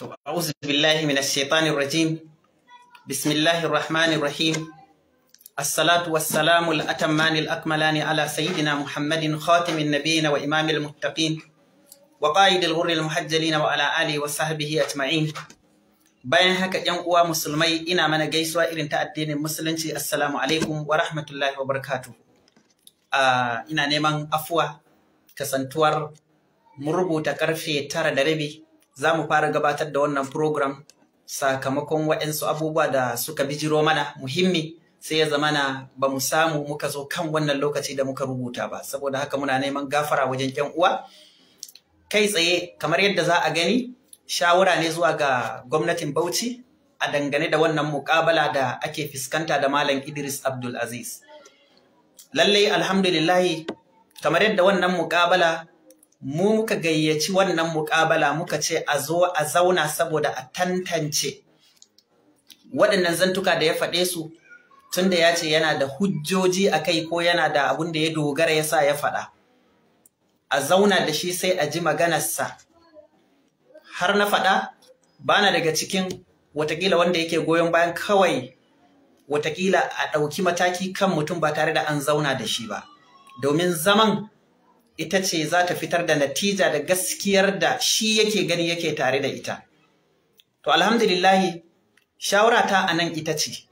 أعوذ بالله من الشيطان الرجيم بسم الله الرحمن الرحيم الصلاة والسلام الأتمان الأكملان على سيدنا محمد خاتم النبيين وإمام المتقين وقائد الغر المحجلين وعلى آله وصحبه أجمعين bayan haka ‘yan uwa musulmai ina mana gaisuwa irin ta addinin musulunci assalamu alaikum wa rahmatullahi wa barakatuh ina neman afuwa kasantuwar mu rubuta karfe tara da rabi za mu fara gabatar da wannan program sakamakon waɗansu abubuwa da suka bijiro mana muhimmi sai ya zamana ba mu samu muka zo kan wannan lokaci da muka rubuta ba saboda haka muna neman gafara wajen ƴan uwa kai tsaye kamar yadda za a gani shawara ne zuwa ga gwamnatin Bauchi a dangane da wannan muƙabala da ake fuskanta da Malam Idris Abdul Aziz lallai alhamdulillahi kamar yadda wannan muƙabala mu muka gayyaci wannan muƙabala muka ce a zo a zauna saboda a tantance waɗannan zantuka da ya faɗe su tunda ya ce yana da hujjoji a kai ko yana da abun da ya dogara ya sa ya faɗa a zauna da shi sai a ji maganarsa har na faɗa bana daga cikin watakila wanda yake goyon bayan kawai watakila a ɗauki mataki kan mutum ba tare da an zauna da shi ba domin zaman ita ce za ta fitar da natija da gaskiyar da shi yake gani yake tare da ita to alhamdulillahi shawara ta nan ita ce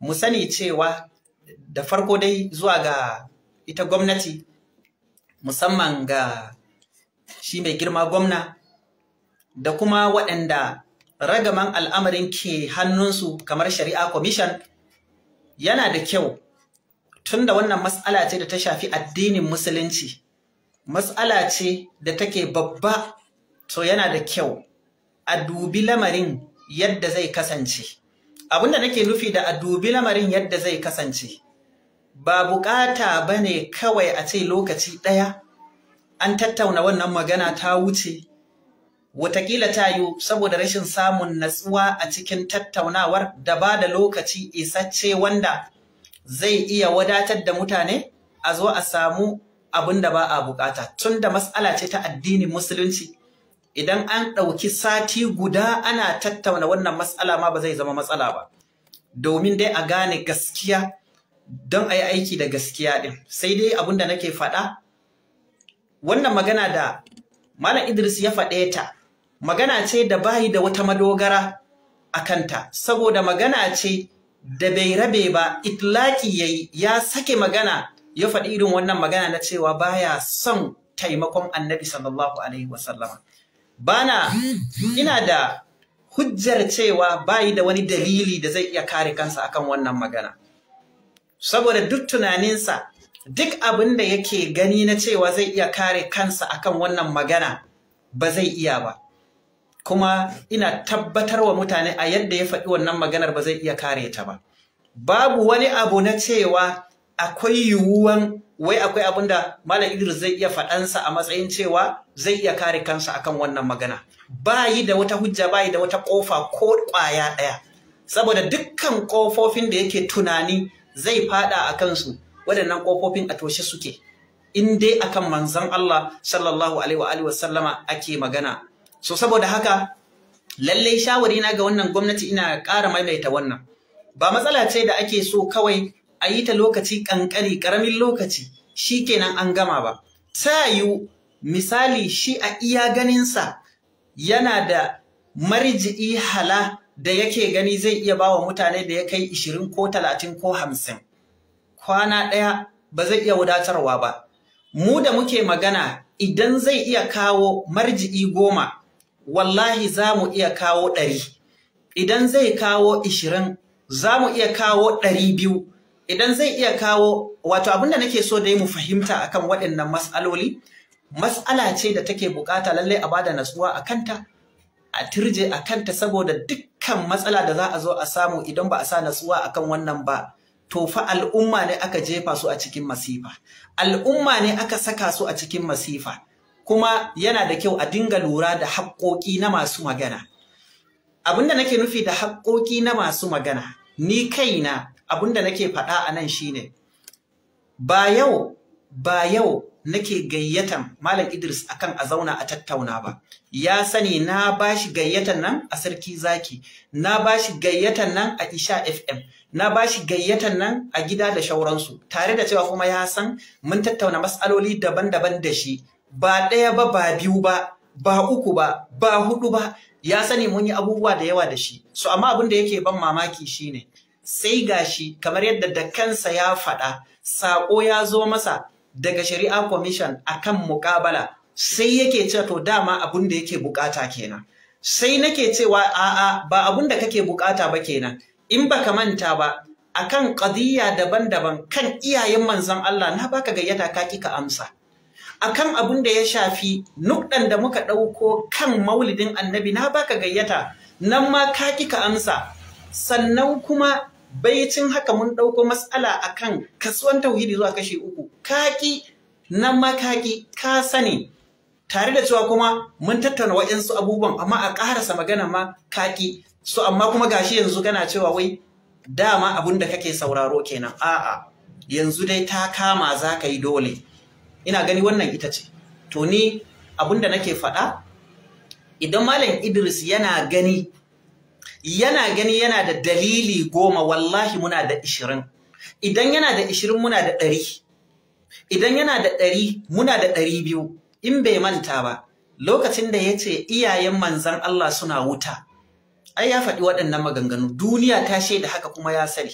mu sani cewa da farko dai zuwa ga ita gwamnati musamman ga shi mai girma gwamna da kuma waɗanda ragaman al'amarin ke hannunsu kamar shari'a commission yana da kyau tunda wannan matsala ce da ta shafi addinin musulunci matsala ce da take babba to yana da kyau a dubi lamarin yadda zai kasance abinda nake nufi da a dubi lamarin yadda zai kasance ba bukata bane kawai a ce lokaci ɗaya an tattauna wannan magana ta wuce Watakila ta yiwu saboda rashin samun natsuwa a cikin tattaunawar da ba da lokaci isacce wanda zai iya wadatar da mutane a zo a samu abin da ba a bukata tun da matsala ce ta addinin musulunci idan an ɗauki sati guda ana tattauna wannan matsala ma ba zai zama matsala ba domin dai a gane gaskiya don a yi aiki da gaskiya ɗin sai dai abin da nake faɗa wannan magana da malam idris ya faɗe ta magana ce da bayi da wata madogara a kanta saboda magana ce da bai rabe ba itlaki yayi ya sake magana ya faɗi irin wannan magana na cewa baya son taimakon annabi sallallahu alaihi wasallama bana ina da hujjar cewa bayi da wani dalili da zai iya kare kansa akan wannan magana saboda duk tunaninsa duk abin da yake gani na cewa zai iya kare kansa akan wannan magana ba zai iya ba kuma ina tabbatar wa mutane a yadda ya faɗi wannan maganar ba zai iya kare ta ba babu wani abu na cewa akwai yiwuwan wai akwai abin da Malam Idris zai iya faɗansa a matsayin cewa zai iya kare kansa akan wannan magana. Bayi da wata hujja bayi da wata ƙofa ko ƙwaya ɗaya. Saboda dukkan ƙofofin da yake tunani zai faɗa a kansu waɗannan ƙofofin a toshe suke. In dai akan manzon Allah sallallahu alaihi wa sallama ake magana. So saboda haka lallai shawari na ga wannan gwamnati ina ƙara maimaita wannan. Ba matsala ce da ake so kawai a yi ta lokaci ƙanƙari ƙaramin lokaci shi kenan an gama ba ta yiwu misali shi a iya ganinsa yana da marji'i hala da yake gani zai iya ba wa mutane da ya kai ishirin ko talatin ko hamsin kwana ɗaya ba zai iya wadatarwa ba mu da muke magana idan zai iya kawo marji'i goma wallahi za mu iya kawo ɗari idan zai kawo ishirin za mu iya kawo ɗari biyu idan zai iya kawo wato abinda nake so yi mu fahimta akan waɗannan mas'aloli mas'ala ce da take bukata lallai a bada natsuwa a kanta a turje a kanta saboda dukkan matsala da za a zo a samu idan ba a sa natsuwa akan wannan ba to fa al'umma ne aka jefa su a cikin masifa al'umma ne aka saka su a cikin masifa kuma yana da kyau a dinga lura da haƙƙoƙi na masu magana abinda nake nufi da haƙƙoƙi na masu magana ni kaina abin da nake faɗa a nan shine ba yau ba yau nake gayyatan Malam Idris akan a zauna a tattauna ba. Ya sani na bashi gayyatan nan a Sarki Zaki, na bashi gayyatan nan a Isha FM, na bashi gayyatan nan a gida da shauransu, tare da cewa kuma ya san mun tattauna matsaloli daban-daban da shi, ba ɗaya ba ba biyu ba, ba uku ba, ba hudu ba, ya sani mun yi abubuwa da yawa da shi. So amma abin da yake ban mamaki shine sai gashi kamar yadda da kansa ya faɗa saƙo ya zo masa daga shari'a commission akan muƙabala sai yake cewa to dama abun da yake bukata kenan sai nake cewa a'a ba abun da kake bukata ba kenan in baka manta ba akan qadiyya daban-daban kan iyayen manzon Allah na baka gayyata ka ka amsa akan abun da ya shafi nukdan da muka ɗauko kan maulidin annabi na baka gayyata nan ma ka ka amsa sannan kuma baicin haka mun ɗauko matsala a kan kasuwan tauhidi zuwa kashe uku kaki na makaki ka sani tare da cewa kuma mun tattauna waɗansu abubuwan amma a ƙarasa magana ma kaki so amma kuma gashi yanzu kana cewa wai dama abun da kake sauraro kenan a'a yanzu dai ta kama za ka yi dole ina gani wannan ita ce to ni abun da nake faɗa idan malam Idris yana gani yana gani yana da dalili goma wallahi muna da ishirin idan yana da ishirin muna da ɗari idan yana da ɗari muna da ɗari biyu in bai manta ba lokacin da ya ce iyayen manzan Allah suna wuta ai ya faɗi waɗannan maganganu duniya ta shaida haka kuma ya sani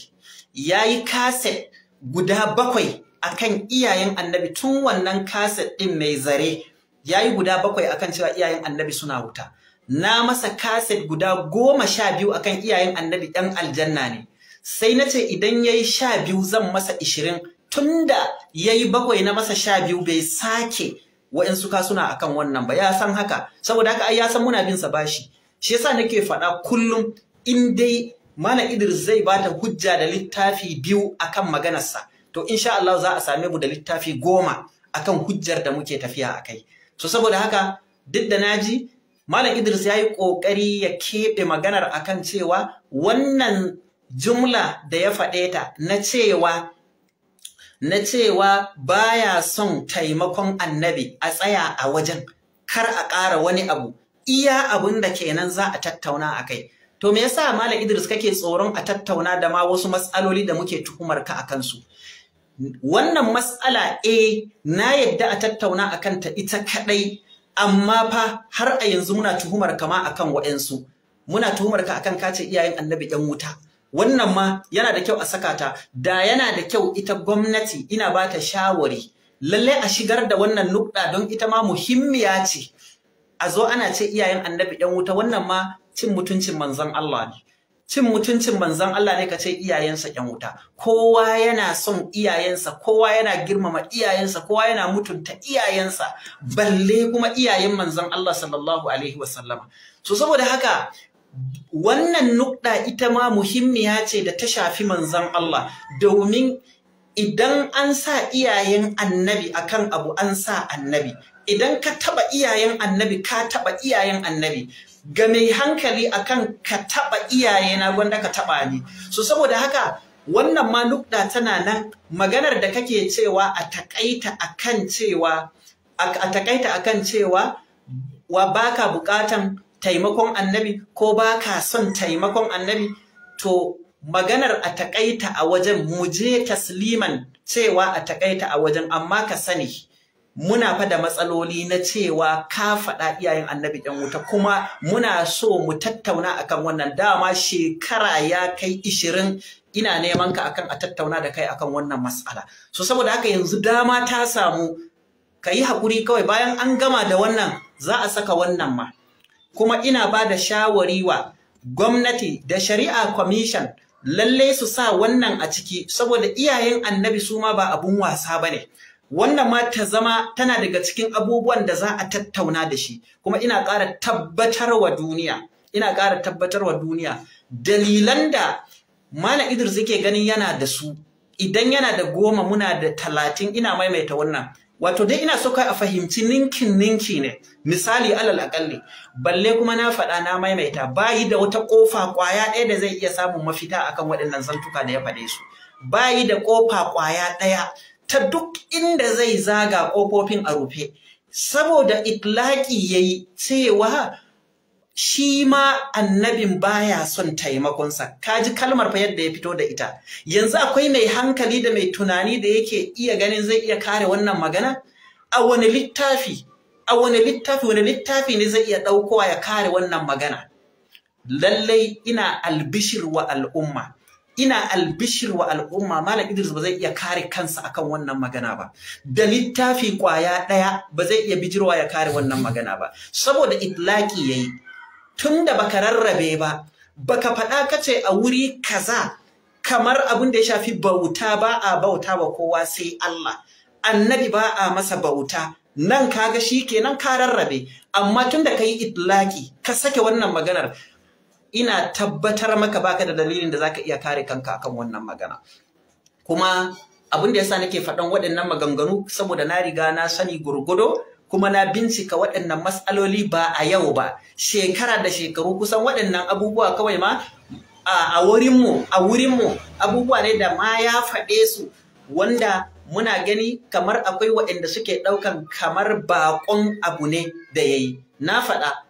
ya yi kaset guda bakwai akan iyayen annabi tun wannan kaset ɗin mai zare ya yi guda bakwai akan cewa iyayen annabi suna wuta na masa kaset guda goma sha biyu akan iyayen annabi ɗan aljanna ne sai na ce idan ya yi sha biyu zan masa ishirin tunda ya yi bakwai na masa sha biyu bai sake wa'insu kasuna akan wannan ba ya san haka saboda haka ai ya san muna bin sa bashi shi yasa nake faɗa kullum in dai mana Idris zai bata hujja da littafi biyu akan maganarsa to insha Allah za a same mu da littafi goma akan hujjar da muke tafiya a kai. to saboda haka duk da naji Malam Idris ya yi ƙoƙari ya keɓe maganar akan cewa wannan jumla da ya faɗe ta na cewa na cewa baya son taimakon annabi a tsaya a wajen kar a ƙara wani abu iya abin da kenan za a tattauna a kai to me yasa malam Idris kake tsoron a tattauna da ma wasu matsaloli da muke tuhumar ka akan su wannan matsala eh na yadda a tattauna akan ta ita kadai amma fa har a yanzu muna tuhumar kama akan waɗansu muna tuhumar ka akan kace iyayen annabi 'yan wuta wannan ma yana da kyau a saka ta da yana da kyau ita gwamnati ina ba ta shawari lalle a shigar da wannan nukɗa don ita ma muhimmiya ce a zo ana ce iyayen annabi yan wuta wannan ma cin mutuncin manzon Allah ne cin mutuncin manzon Allah ne ka ce iyayensa ƴan wuta kowa yana son iyayensa kowa yana girmama iyayensa kowa yana mutunta iyayensa balle kuma iyayen manzon Allah sallallahu alaihi wasallama so saboda haka wannan nukɗa ita ma muhimmiya ce da ta shafi manzon Allah domin idan an sa iyayen annabi akan abu an sa annabi idan ka taba iyayen annabi ka taba iyayen annabi ga mai hankali akan ka taɓa iyayena gwanda ka taɓa ni so saboda haka wannan ma nukda tana nan maganar da kake cewa a takaita akan cewa a takaita akan cewa wa baka bukatan taimakon annabi ko baka son taimakon annabi to maganar a takaita a wajen muje tasliman cewa a takaita a wajen amma ka sani muna fa da matsaloli na cewa ka faɗa iyayen annabi ɗan wuta kuma muna so mu tattauna akan wannan dama shekara ya kai ishirin ina neman ka akan a tattauna da kai akan wannan matsala so saboda haka yanzu dama ta samu ka yi haƙuri kawai bayan an gama da wannan za a saka wannan ma kuma ina ba da shawari wa gwamnati da shari'a commission lallai su sa wannan a ciki saboda iyayen annabi su ma ba abun wasa ba ne wannan ma ta zama tana daga cikin abubuwan da za a tattauna da shi kuma ina ƙara tabbatar wa duniya ina ƙara tabbatar wa duniya dalilan da mana Idris yake ganin yana da su idan yana da goma muna da talatin ina maimaita wannan wato dai ina so kai a fahimci ninkin ninki ne misali alal akalli balle kuma na faɗa na maimaita bayi da wata ƙofa ƙwaya ɗaya da zai iya samun mafita akan waɗannan zantuka da ya faɗe su bayi da ƙofa ƙwaya ɗaya ta duk inda zai zaga ƙofofin a rufe saboda itlaƙi ya yi cewa shi ma annabin baya son taimakonsa kaji kalmar fa yadda ya fito da ita yanzu akwai mai hankali da mai tunani da yake iya ganin zai iya kare wannan magana a wani littafi a wani littafi wani littafi ne zai iya ɗaukowa ya kare wannan magana lallai ina albishir wa al'umma ina albishir wa al'umma malam Idris ba zai iya kare kansa akan wannan magana ba da littafi kwaya daya ba zai iya bijirwa ya kare wannan magana ba saboda itlaki yayi tunda baka rarrabe ba baka faɗa kace a wuri kaza kamar abin da ya shafi bauta ba a bauta wa kowa sai Allah annabi ba a masa bauta nan ka ga shi kenan ka rarrabe amma tunda kai itlaki ka sake wannan maganar ina tabbatar maka baka da dalilin da zaka iya kare kanka akan wannan magana kuma abin da yasa nake faɗan waɗannan maganganu saboda na riga na sani gurgudo kuma na bincika waɗannan matsaloli ba a yau ba shekara da shekaru kusan waɗannan abubuwa kawai ma a wurinmu a wurinmu abubuwa ne da ma ya faɗe su wanda muna gani kamar akwai waɗanda suke ɗaukan kamar baƙon abu ne da ya yi na faɗa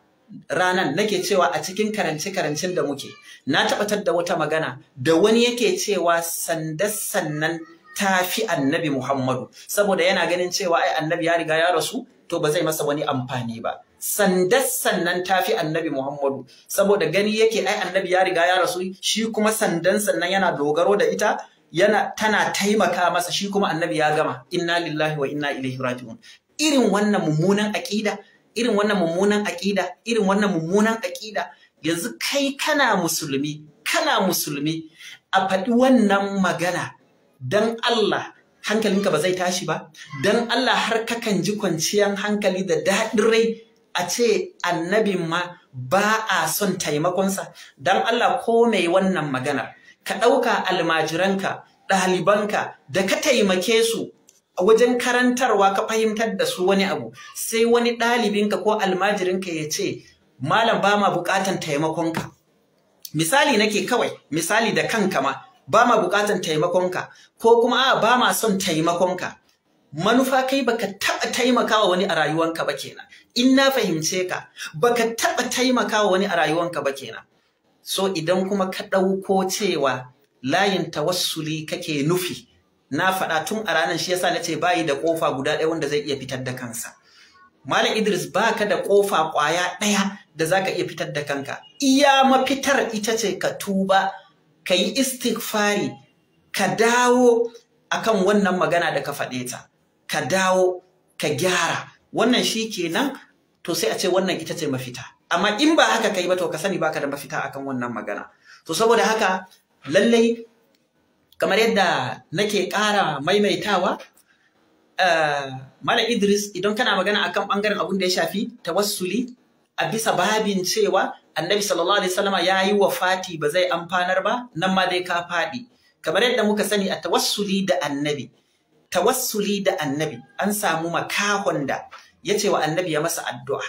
ranan nake cewa a cikin karance-karancen da muke na tabbatar da wata magana da wani yake cewa sanda sannan tafi annabi Muhammadu saboda yana ganin cewa ai annabi ya riga ya rasu to ba zai masa wani amfani ba sanda sannan tafi annabi Muhammadu saboda gani yake ai annabi ya riga ya rasu shi kuma sandan sannan yana dogaro da ita yana tana taimaka masa shi kuma annabi ya gama inna lillahi wa inna ilaihi raji'un irin wannan mummunan aƙida irin wannan mummunan aƙida irin wannan mummunan aƙida yanzu kai kana musulmi kana musulmi a faɗi wannan magana dan Allah hankalinka ba zai tashi ba dan Allah har kakan ji kwanciyan hankali da daɗin rai a ce annabin ma ba a son taimakonsa dan Allah ko mai wannan magana ka ɗauka almajiranka ɗalibanka da ka taimake su A wajen karantarwa ka fahimtar da su wani abu sai wani ɗalibinka ko almajirinka ya ce malam ba ma buƙatan taimakonka misali nake kawai misali da kanka ma ba ma buƙatan taimakonka ko kuma a ba ma son taimakonka manufa kai baka taɓa taimakawa wani a rayuwanka ba kenan in na fahimce ka baka taɓa taimakawa wani a rayuwanka ba kenan so idan kuma ka ɗauko cewa layin tawassuli kake nufi na faɗa tun a ranar shi yasa nace bayi da kofa guda ɗaya wanda zai iya fitar da kansa Malam Idris baka da kofa ƙwaya ɗaya da za ka iya fitar da kanka iya mafitar ita ce ka tuba ka yi istighfari ka dawo akan wannan magana da ka faɗe ta ka dawo ka gyara wannan shi kenan to sai a ce wannan ita ce mafita amma in ba haka ka yi ba to ka sani baka da mafita akan wannan magana to saboda haka lallai kamar yadda nake ƙara maimaitawa eh, mala idris idan kana magana akan ɓangaren abin da ya shafi tawassuli a bisa babin cewa annabi sallallahu alaihi wasallama ya yi Fati ba zai amfanar ba nan ma dai ka faɗi kamar yadda muka sani a tawassuli da annabi tawassuli da annabi an samu makahon da ya ce wa annabi ya masa addu'a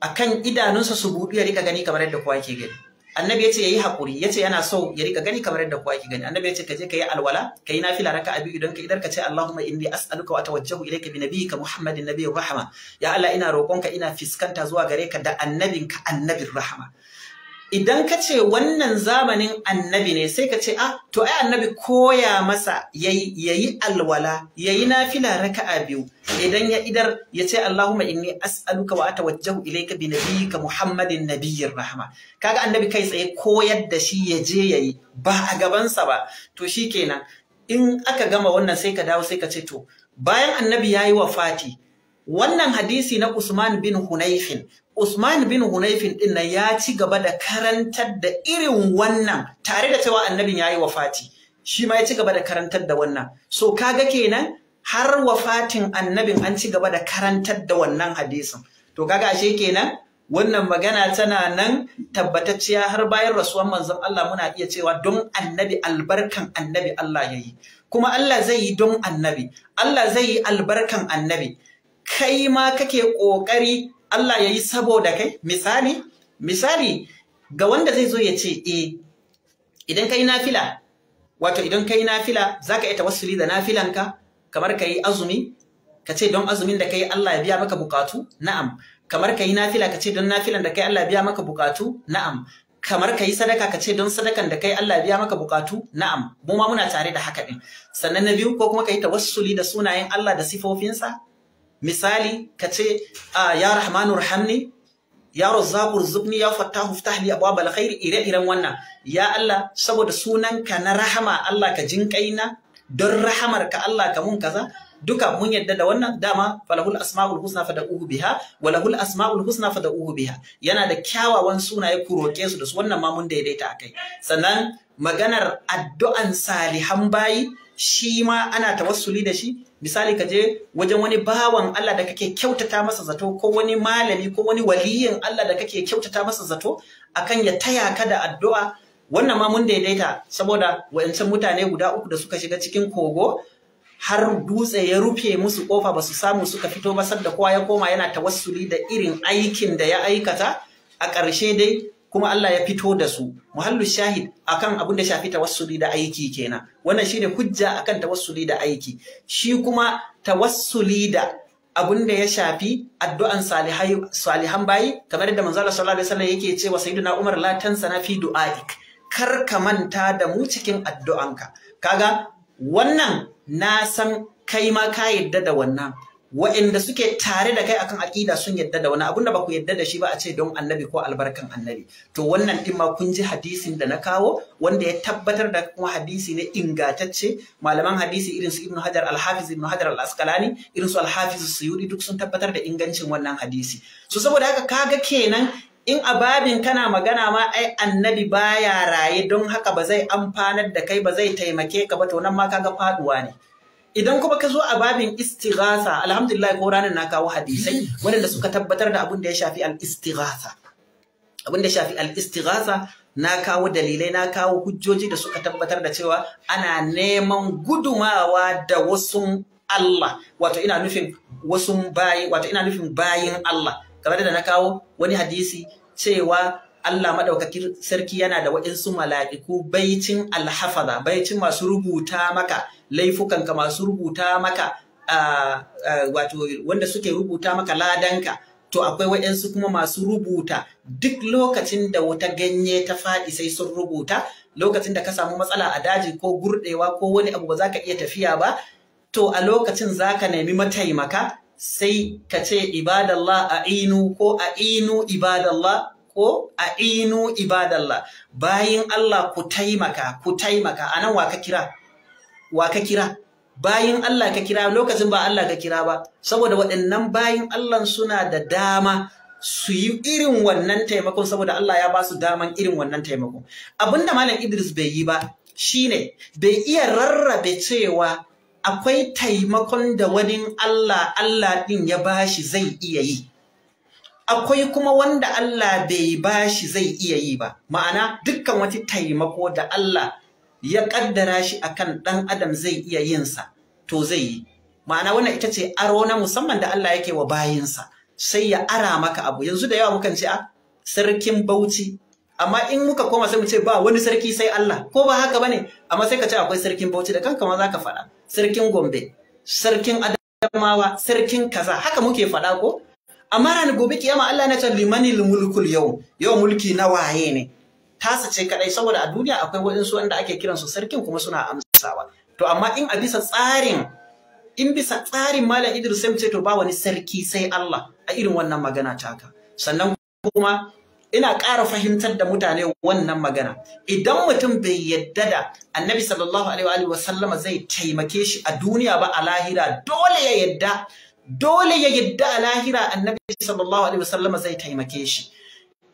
akan idanunsa su buɗu ya rika gani kamar yadda kowa ke gani annabi yace yayi hakuri yace yana so ya rika gani kamar yadda kowa yake gani annabi yace ka kayi alwala kayi nafila a biyu idan ka idar ka ce Allahumma inni as'aluka wa atawajjahu ilayka bi nabiyyika Muhammadin nabiyyir rahama ya Allah ina roƙonka ina fiskanta zuwa gare ka da annabinka annabin rahama idan ka ce wannan zamanin annabi ne sai ka ce ah to ai annabi koya masa yayi alwala yayi nafila raka'a biyu idan ya idar ya ce Allahumma inni as'aluka wa ilai ka bi ka Muhammadin biyun rahma kaga annabi kai tsaye koyar da shi ya je yayi ba a gabansa ba to shi kenan in aka gama wannan sai ka dawo sai ka ce to bayan annabi yayi Fati. wannan hadisi na Usman bin Hunayfin Usman bin Hunayfin din nan ya ci gaba da karantar da irin wannan tare da cewa annabin yayi wafati shi ma ya ci gaba da karantar da wannan so kaga kenan har wafatin annabin an ci gaba da karantar da wannan hadisin to kaga ashe kenan wannan magana tana nan tabbatacciya har bayan rasuwan manzon Allah muna iya cewa don annabi albarkan annabi Allah ya yi. kuma Allah zai yi don annabi Allah zai yi albarkan annabi kai ma kake ƙoƙari Allah ya yi saboda kai misali misali ga wanda zai zo ya ce eh idan kai nafila wato idan kai nafila zaka iya tawassuli da nafilanka kamar kai azumi ka ce don azumin da kai Allah ya biya maka bukatu na'am kamar kai nafila ka ce don nafilan da kai Allah ya biya maka bukatu na'am kamar kai sadaka ka ce don sadakan da kai Allah ya biya maka bukatu na'am mu ma muna tare da haka din sannan na biyu ko kuma kai tawassuli da sunayen Allah da sifofinsa misali ka ce ya rahmanu rahamni ya razzaqur zubni ya fattahu iftah li abwab alkhair ire-iren wannan ya Allah saboda sunanka na rahama Allah ka jinkaina don rahamar ka Allah ka mun kaza duka mun yadda da wannan dama falahul asma'ul husna fad'uhu biha walahul asma'ul husna fad'uhu biha yana da kyawawan sunaye ku roke su da su wannan ma mun daidaita akai sannan maganar addu'an salihan bayi shi ma ana tawassuli da shi misali ka je wajen wani bawan Allah da kake kyautata masa zato ko wani malami ko wani waliyin Allah da kake kyautata masa zato akan ya taya ka da addu'a wannan ma mun daidaita saboda wayancan mutane guda uku da suka shiga cikin kogo har dutse ya rufe musu kofa ba su samu suka fito ba sadda kowa ya koma yana tawassuli da irin aikin da ya aikata a ƙarshe dai kuma Allah ya fito da su muhallu shahid akan abin da shafi tawassuli da aiki kenan wannan shine hujja akan tawassuli da aiki shi kuma tawassuli da abin da ya shafi addu'an salihan bayi kamar yadda manzo Allah sallallahu alaihi wasallam yake cewa sayyidina Umar la tansana fi du'aik kar ka manta da mu cikin addu'anka kaga wannan na san kai ma ka yadda da wannan wa'inda suke tare da kai akan aƙida sun yadda da wani abun da baku ku yadda da shi ba a ce don annabi ko albarkan annabi to wannan din ma kun ji hadisin da na kawo wanda ya tabbatar da kuma hadisi ne ingatacce malaman hadisi irin su Ibn Hajar Al-Hafiz Ibn Hajar Al-Asqalani irin su Al-Hafiz Suyudi duk sun tabbatar da ingancin wannan hadisi so saboda haka kaga kenan in a babin kana magana ma ai annabi baya raye don haka ba zai amfanar da kai ba zai taimake ka ba to nan ma kaga faduwa ne idan kuma ka zo a babin istighasa alhamdulillah ko ranar na kawo hadisai mm. waɗanda suka tabbatar da abin da ya shafi al abin da shafi al na kawo dalilai na kawo hujjoji da suka tabbatar da cewa ana neman gudumawa da wasu Allah wato ina nufin wasu bayi wato ina nufin bayin Allah kamar da na kawo wani hadisi cewa Allah madaukakin sarki yana da waɗansu mala'iku baicin alhafaza baicin masu rubuta maka laifukanka masu rubuta maka wato wanda suke rubuta maka ladanka to akwai waɗansu kuma masu rubuta duk lokacin da wata ganye ta faɗi sai sun rubuta lokacin da ka samu matsala a daji ko gurɗewa ko wani abu ba za ka iya tafiya ba to a lokacin za ka nemi mataimaka sai ka ce ibadallah a inu ko a inu ibadallah ko a inu ibadallah bayan Allah ku taimaka ku taimaka anan wa ka kira wa ka kira bayin Allah ka kira lokacin ba Allah ka kira ba saboda waɗannan bayin Allah suna da dama su yi irin wannan taimakon saboda Allah ya ba su daman irin wannan taimakon abinda malam Idris bai yi ba shine bai iya rarrabe cewa akwai taimakon da wani Allah Allah ɗin ya bashi zai iya yi akwai kuma wanda Allah bai bashi zai iya yi ba ma'ana dukkan wata taimako da Allah ya kaddara shi akan ɗan adam zai iya yinsa to zai yi ma'ana wannan ita ce aro na musamman da Allah yake wa bayinsa sai ya ara maka abu yanzu da yawa mukan ce a ah, sarkin bauchi amma in muka koma sai mu ce ba wani sarki sai Allah ko ba haka bane amma sai ka ce akwai sarkin bauchi da kanka ma zaka faɗa sarkin gombe sarkin adamawa sarkin kaza haka muke faɗa ko amma ran gobe kiyama Allah na ce limanil mulkul yau yau mulki na waye ne tasa ce kadai saboda a duniya akwai waɗansu wanda ake kiran su sarkin kuma suna amsawa to amma in a bisa tsarin in bisa tsarin malam Idris sai ce to ba wani sarki sai Allah a irin wannan magana taka sannan kuma ina ƙara fahimtar da mutane wannan magana idan mutum bai yadda da annabi sallallahu alaihi wa sallama zai taimake shi a duniya ba a lahira dole ya yadda dole ya yadda a lahira annabi sallallahu alaihi wa sallama zai taimake shi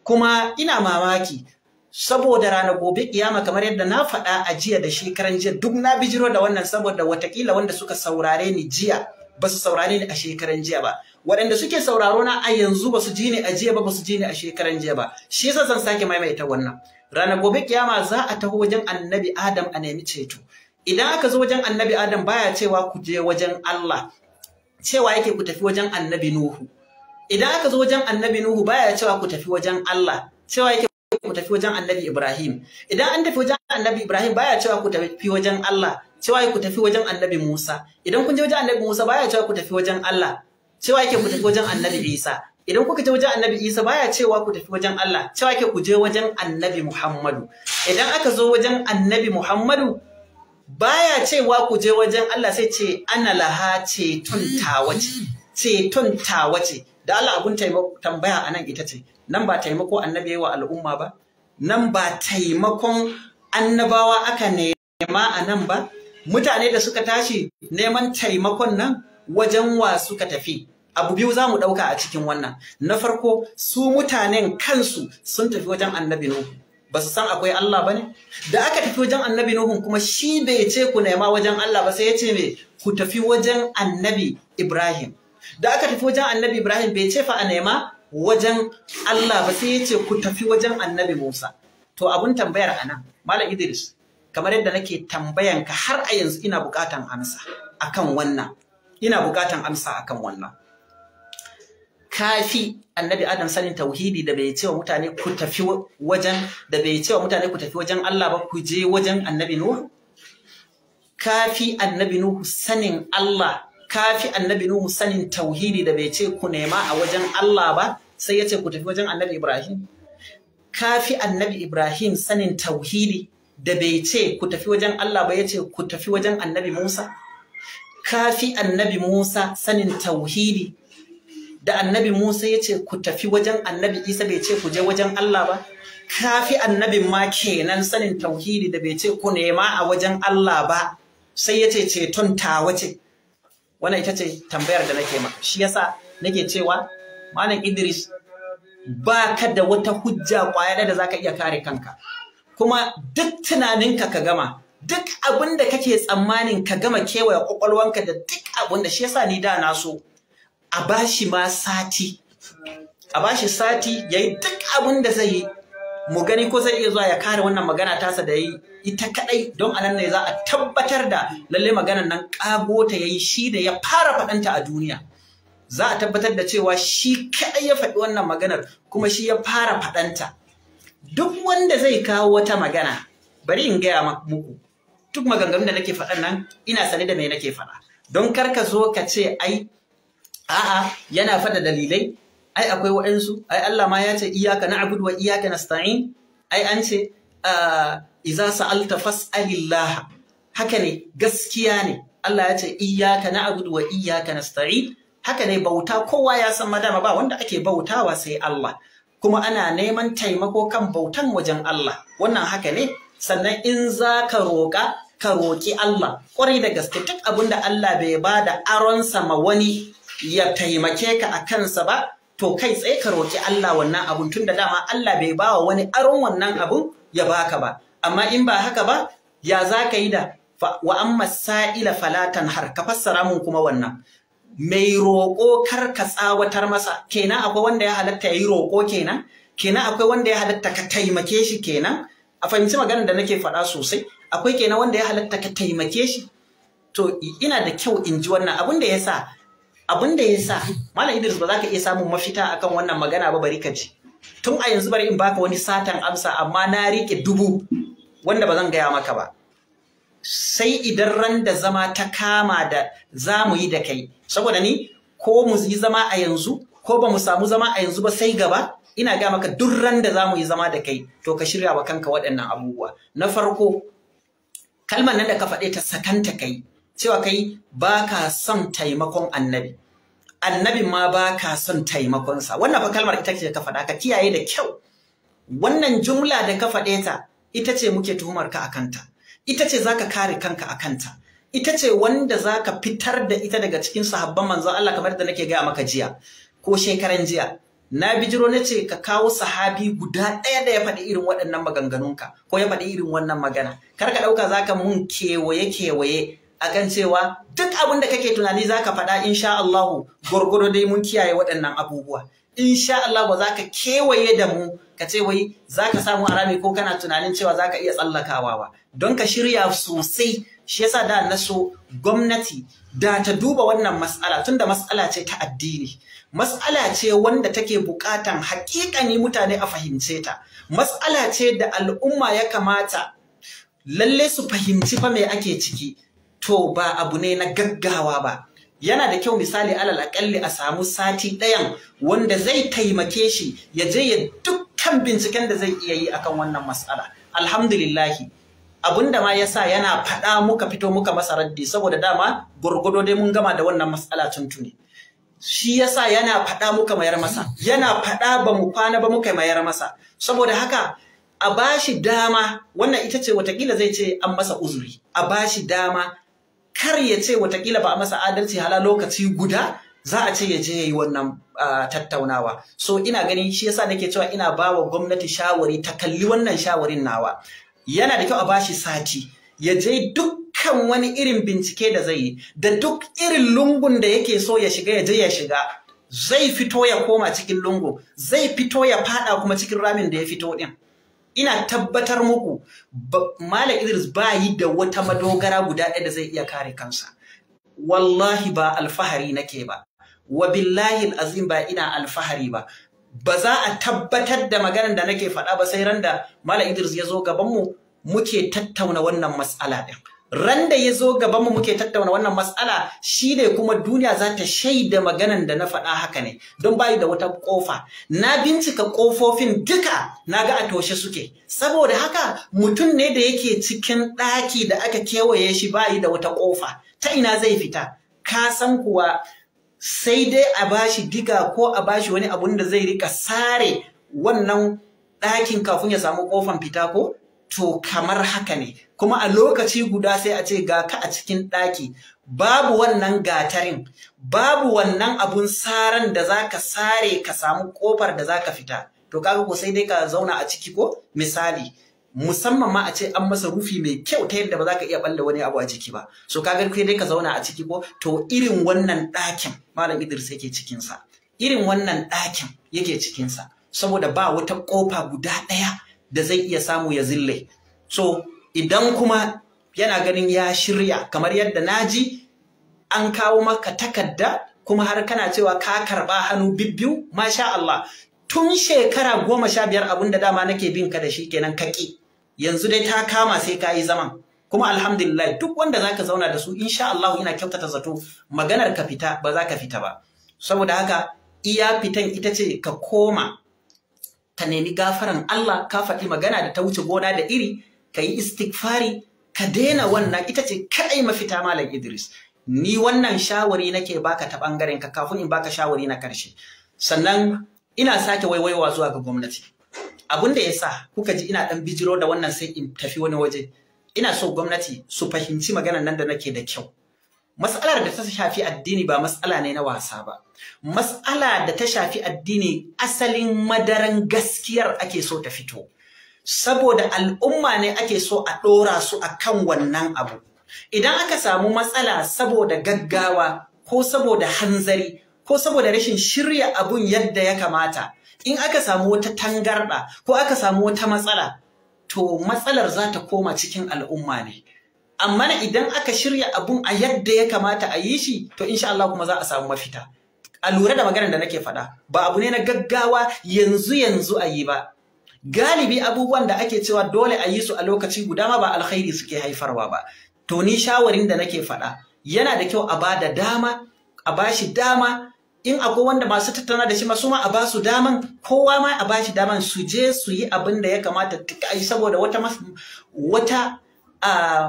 kuma ina mamaki saboda ranar gobe kiyama kamar yadda na faɗa a jiya da shekaran jiya duk na bijiro da wannan saboda watakila wanda suka saurare ni jiya ba su saurare ni a shekaran jiya ba waɗanda suke sauraro na a yanzu ba su ji ni a jiya ba ba su ji ni a shekaran jiya ba shi yasa zan sake maimaita wannan ranar gobe kiyama za a taho wajen annabi adam a nemi ceto idan aka zo wajen annabi adam baya cewa ku je wajen Allah cewa yake ku tafi wajen annabi nuhu idan aka zo wajen annabi nuhu baya cewa ku tafi wajen Allah cewa yake ku tafi wajen Annabi Ibrahim idan an tafi wajen Annabi Ibrahim baya cewa ku tafi wajen Allah cewa ku tafi wajen Annabi Musa idan kun je wajen Annabi Musa baya cewa ku tafi wajen Allah cewa yake ku tafi wajen Annabi Isa idan kuka je wajen Annabi Isa baya cewa ku tafi wajen Allah cewa yake ku je wajen Annabi Muhammadu idan aka zo wajen Annabi Muhammadu baya cewa ku je wajen Allah sai ce ana laha ceton tawace. ce ceton tawace. da Allah abun tambaya anan ita ce nan ba taimako annabi yayi wa al'umma ba nan ba taimakon annabawa aka nema a nan ba mutane da suka tashi neman taimakon nan wajen wa suka tafi abu biyu za mu ɗauka a cikin wannan na farko su mutanen kansu sun tafi wajen annabi nuhu ba su san akwai Allah ba ne da aka tafi wajen annabi nuhu kuma shi bai ce ku nema wajen Allah ba sai ya ce me ku tafi wajen annabi ibrahim da aka tafi wajen annabi ibrahim bai ce fa a nema wajen Allah ba sai yace ku tafi wajen annabi Musa. To abun tambayar a nan, Malam Idris, kamar yadda nake tambayan ka har a yanzu ina bukatan amsa akan wannan. Ina bukatan amsa akan wannan. Kafi annabi Adam sanin tauhidi da bai cewa mutane ku tafi wajen da bai ce mutane ku tafi wajen Allah ba ku je wajen annabi Nuhu? Kafi annabi Nuhu sanin Allah kafi annabi Nuhu sanin tauhidi da bai ce ku nema a wajen Allah ba sai ya ce ku tafi wajen annabi Ibrahim kafi annabi Ibrahim sanin tauhidi da bai ce ku tafi wajen Allah ba ya ce ku tafi wajen annabi Musa kafi annabi Musa sanin tauhidi da annabi Musa ya ce ku tafi wajen annabi Isa bai ce ku je wajen Allah ba kafi annabi ma kenan sanin tauhidi da bai ce ku nema a wajen Allah ba sai ya ce ceton tawa ce wannan ita ce tambayar da nake maka shi yasa nake cewa malam Idris ba ka da wata hujja kwaya da zaka iya kare kanka kuma duk tunaninka ka gama duk abin da kake tsammanin ka gama kewaye kwakwalwanka da duk abin da shi yasa ni da na so a bashi ma sati a bashi sati yayi duk abin da zai yi mu gani ko zai iya zuwa ya kare wannan magana tasa da yi ita kadai don a nan ne za a tabbatar da lalle maganar nan kago ta yayi shi da ya fara faɗanta a duniya za a tabbatar da cewa shi kadai ya faɗi wannan maganar kuma shi ya fara faɗanta duk wanda zai kawo wata magana bari in gaya muku duk maganganun da nake faɗan nan ina sane da me nake faɗa don kar ka zo ka ce ai a'a yana faɗa dalilai ai akwai waɗansu ai Allah ma ya ce iyaka na abudu wa iyaka nasta'in ai an ce ah, iza sa'alta fas'alillah haka ne gaskiya ne Allah ya ce iyaka abudu wa iyaka nasta'in haka ne bauta kowa ya san madama ba wanda ake bautawa sai Allah kuma ana neman taimako kan bautan wajen Allah wannan haka ne sannan in za ka roƙa ka roƙi Allah ƙwarai da gaske duk abin da Allah bai ba da aronsa ma wani ya taimake ka a kansa ba to kai tsaye ka roki Allah wannan abun tun da dama Allah bai bawa wani aron wannan abun ya baka ba amma in ba haka ba ya za ka yi da wa amma sa'ila falatan har ka fassara mun kuma wannan mai roƙo kar ka tsawatar masa kenan akwai wanda ya halatta ya yi roƙo kenan kenan akwai wanda ya halatta ka taimake shi kenan a fahimci maganar da nake faɗa sosai akwai kenan wanda ya halatta ka taimake shi to ina da kyau in ji wannan abun da ya sa abin da ya sa malam Idris ba za ka iya samun mafita akan wannan magana ba bari ka ji tun a yanzu bari in baka wani satan amsa amma na rike dubu wanda ba zan gaya maka ba sai idan ran da zama ta kama da za mu yi da kai saboda ni ko mu yi zama a yanzu ko ba mu samu zama a yanzu ba sai gaba ina gaya maka duk ran da za mu yi zama da kai to ka shirya wa kanka waɗannan abubuwa na farko kalmar nan da ka faɗe ta sakanta kai cewa kai ba ka son taimakon annabi annabi ma ba ka son taimakonsa wannan fa kalmar ita ce ka faɗa ka kiyaye da kyau wannan jumla da ka faɗe ta ita ce muke tuhumar ka akanta ita ce zaka kare kanka akanta ita ce wanda zaka fitar da ita daga cikin sahabban manzo Allah kamar da nake gaya maka jiya ko shekaran jiya na bijiro na ce ka kawo sahabi guda ɗaya da ya faɗi irin waɗannan maganganunka ko ya faɗi irin wannan magana kar ka ɗauka zaka mun kewaye kewaye akan cewa duk abin da kake tunani zaka faɗa insha Allah gurguro dai mun kiyaye waɗannan abubuwa insha Allah ba ka kewaye da mu ka ce wai zaka samu arami ko kana tunanin cewa zaka iya tsallakawa ba don ka shirya sosai shi yasa da na so gwamnati da ta duba wannan mas'ala da mas'ala ce ta addini mas'ala ce wanda take bukatan hakikani mutane a fahimce ta mas'ala ce da al'umma ya kamata lalle su fahimci fa me ake ciki to ba abu ne na gaggawa ba yana da kyau misali alal akalli a samu sati ɗayan wanda zai taimake shi ya je ya dukkan binciken da zai iya yi akan wannan matsala alhamdulillahi abun da ma ya sa yana faɗa muka fito muka masa raddi saboda dama gwargwado dai mun gama da wannan matsala tuntuni shi ya sa yana faɗa muka mayar masa yana faɗa ba mu kwana ba muka mayar masa saboda haka a bashi dama wannan ita ce watakila zai ce an masa uzuri a bashi dama kar ya ce watakila ba a masa adalci hala lokaci guda za a ce ya je ya yi wannan tattaunawa so ina ganin shi yasa nake cewa ina ba wa gwamnati shawari ta kalli wannan shawarin nawa yana da kyau a bashi sati ya je dukkan wani irin bincike da zai yi da duk irin lungun da yake so ya shiga ya je ya shiga zai fito ya koma cikin lungu zai fito ya fada kuma cikin ramin da ya fito din ina tabbatar muku Malam Idris ba yi da wata madogara guda ɗaya da zai iya kare kansa wallahi ba alfahari nake ba wa billahi azim ba ina alfahari ba ba za a tabbatar da maganar da nake faɗa ba sai ran da Malam Idris ya zo gaban mu muke tattauna wannan matsala ɗin Randa da ya zo gabanmu muke tattauna wannan matsala shi ne kuma duniya za ta shaida maganan da na faɗa haka ne don bayi da wata ƙofa na bincika ƙofofin duka na ga a toshe suke saboda haka mutum ne da yake cikin ɗaki da aka kewaye shi bayi da wata ƙofa ta ina zai fita ka san kuwa sai dai a bashi diga ko a bashi wani abun da zai rika sare wannan ɗakin kafin ya samu ƙofan fita ko to kamar haka ne kuma a lokaci guda sai a ce ga ka a cikin ɗaki babu wannan gatarin babu wannan abun saran da za ka sare ka samu ƙofar da za ka fita to kaga ko sai dai ka zauna a ciki ko misali musamman ma a ce an masa rufi mai kyau ta yadda ba za ka iya balle wani abu a ciki ba so kaga kai dai ka zauna a ciki ko to irin wannan ɗakin malam Idris yake cikinsa irin wannan ɗakin yake cikinsa saboda ba wata ƙofa guda ɗaya da zai iya samu ya zille so idan kuma yana ganin ya shirya kamar yadda naji an kawo maka takarda kuma har kana cewa ka karba hannu bibbiyu masha Allah tun shekara goma sha biyar abun da dama nake bin ka da shi kenan kaki yanzu dai ta kama sai ka yi zaman kuma alhamdulillah duk wanda zaka zauna da su insha Allah ina kyautata zato maganar ka fita ba za ka fita ba saboda haka iya fitan ita ce ka koma ka nemi gafaran Allah ka faɗi magana da ta wuce gona da iri ka yi istighfari ka daina wannan ita ce kaɗai mafita malam Idris ni wannan shawari nake baka ta bangaren ka kafin in baka shawari na karshe sannan ina sake waiwaiwa zuwa ga gwamnati abin da sa kuka ji ina ɗan bijiro da wannan sai in tafi wani waje ina so gwamnati su fahimci maganar nan da nake da kyau Matsalar da ta shafi addini ba matsala ne na wasa ba. Matsala da ta shafi addini asalin madaran gaskiyar ake so ta fito. saboda al'umma ne ake so a ɗora su akan wannan abu. Idan aka samu matsala saboda gaggawa ko saboda hanzari ko saboda rashin shirya abun yadda ya kamata, in aka samu wata tangarɗa ko aka samu wata matsala, to matsalar za ta koma cikin al'umma ne. Amma idan aka shirya abun a yadda ya kamata a yi shi, to insha Allah kuma za a samu mafita. A lura da maganar da nake faɗa, ba abu ne na gaggawa yanzu yanzu a yi ba, galibi abubuwan da ake cewa dole a yi su a lokaci guda ma ba alkhairi suke haifarwa ba to ni shawarin da nake faɗa yana da kyau a ba da dama a ba shi dama in akwai wanda masu tattauna da shi ma su ma a ba su daman kowa ma a ba shi daman su je su yi abin da ya kamata duk a yi saboda wata wata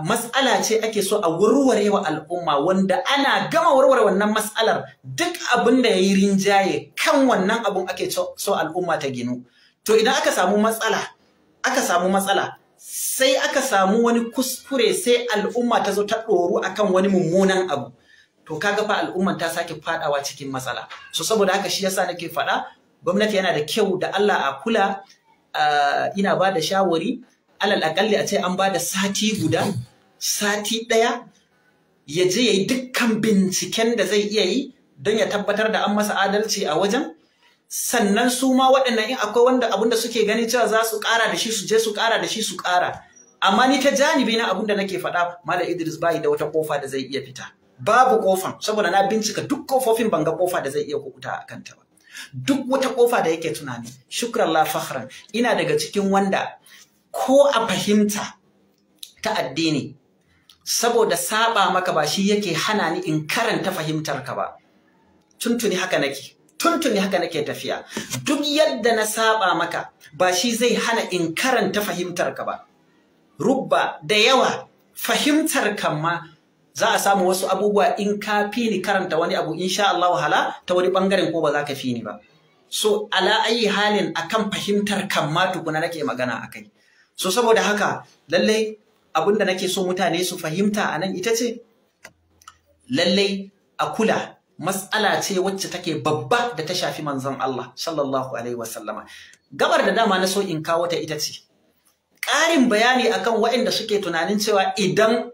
mas'ala ce ake so a warware wa al'umma wanda ana gama warware wannan mas'alar duk abin da ya yi rinjaye kan wannan abun ake so al'umma ta ginu to idan aka samu matsala aka samu matsala sai aka samu wani kuskure sai al'umma ta zo ta ɗoru akan wani mummunan abu to kaga fa al'umman ta sake faɗawa cikin matsala so saboda haka shi yasa nake faɗa gwamnati yana da kyau da Allah a kula ina ba da shawari alal akalli a ce an ba da sati guda sati ɗaya ya je ya yi dukkan binciken da zai iya yi don ya tabbatar da an masa adalci a wajen sannan su ma waɗannan in akwai wanda abun da suke gani cewa za su ƙara da shi su je su ƙara da shi su ƙara amma ni ta janibi na abun da nake faɗa Malam Idris bai da wata kofa da zai iya fita babu kofan saboda na bincika duk kofofin banga kofa da zai iya kukuta a kanta ba duk wata kofa da yake tunani shukran la fakhran ina daga cikin wanda ko a fahimta ta addini saboda saba maka ba shi yake hana ni in karanta fahimtar ka ba tuntuni haka nake tuntuni haka nake tafiya duk yadda na saba maka ba shi zai hana in karanta fahimtar ka ba rubba da yawa fahimtar kan ma za a samu wasu abubuwa in ka fi ni karanta wani abu insha Allah wahala ta wani bangaren ko ba za ka fi ni ba so ala ayi halin kan fahimtar kamma ma tukuna nake magana a kai. so saboda haka lallai abun da nake so mutane su fahimta anan ita ce lallai a kula matsala ce wacce take babba da ta shafi manzon Allah sallallahu alaihi wasallama gabar da dama na so in kawo ta ita ce ƙarin bayani akan waɗanda suke tunanin cewa idan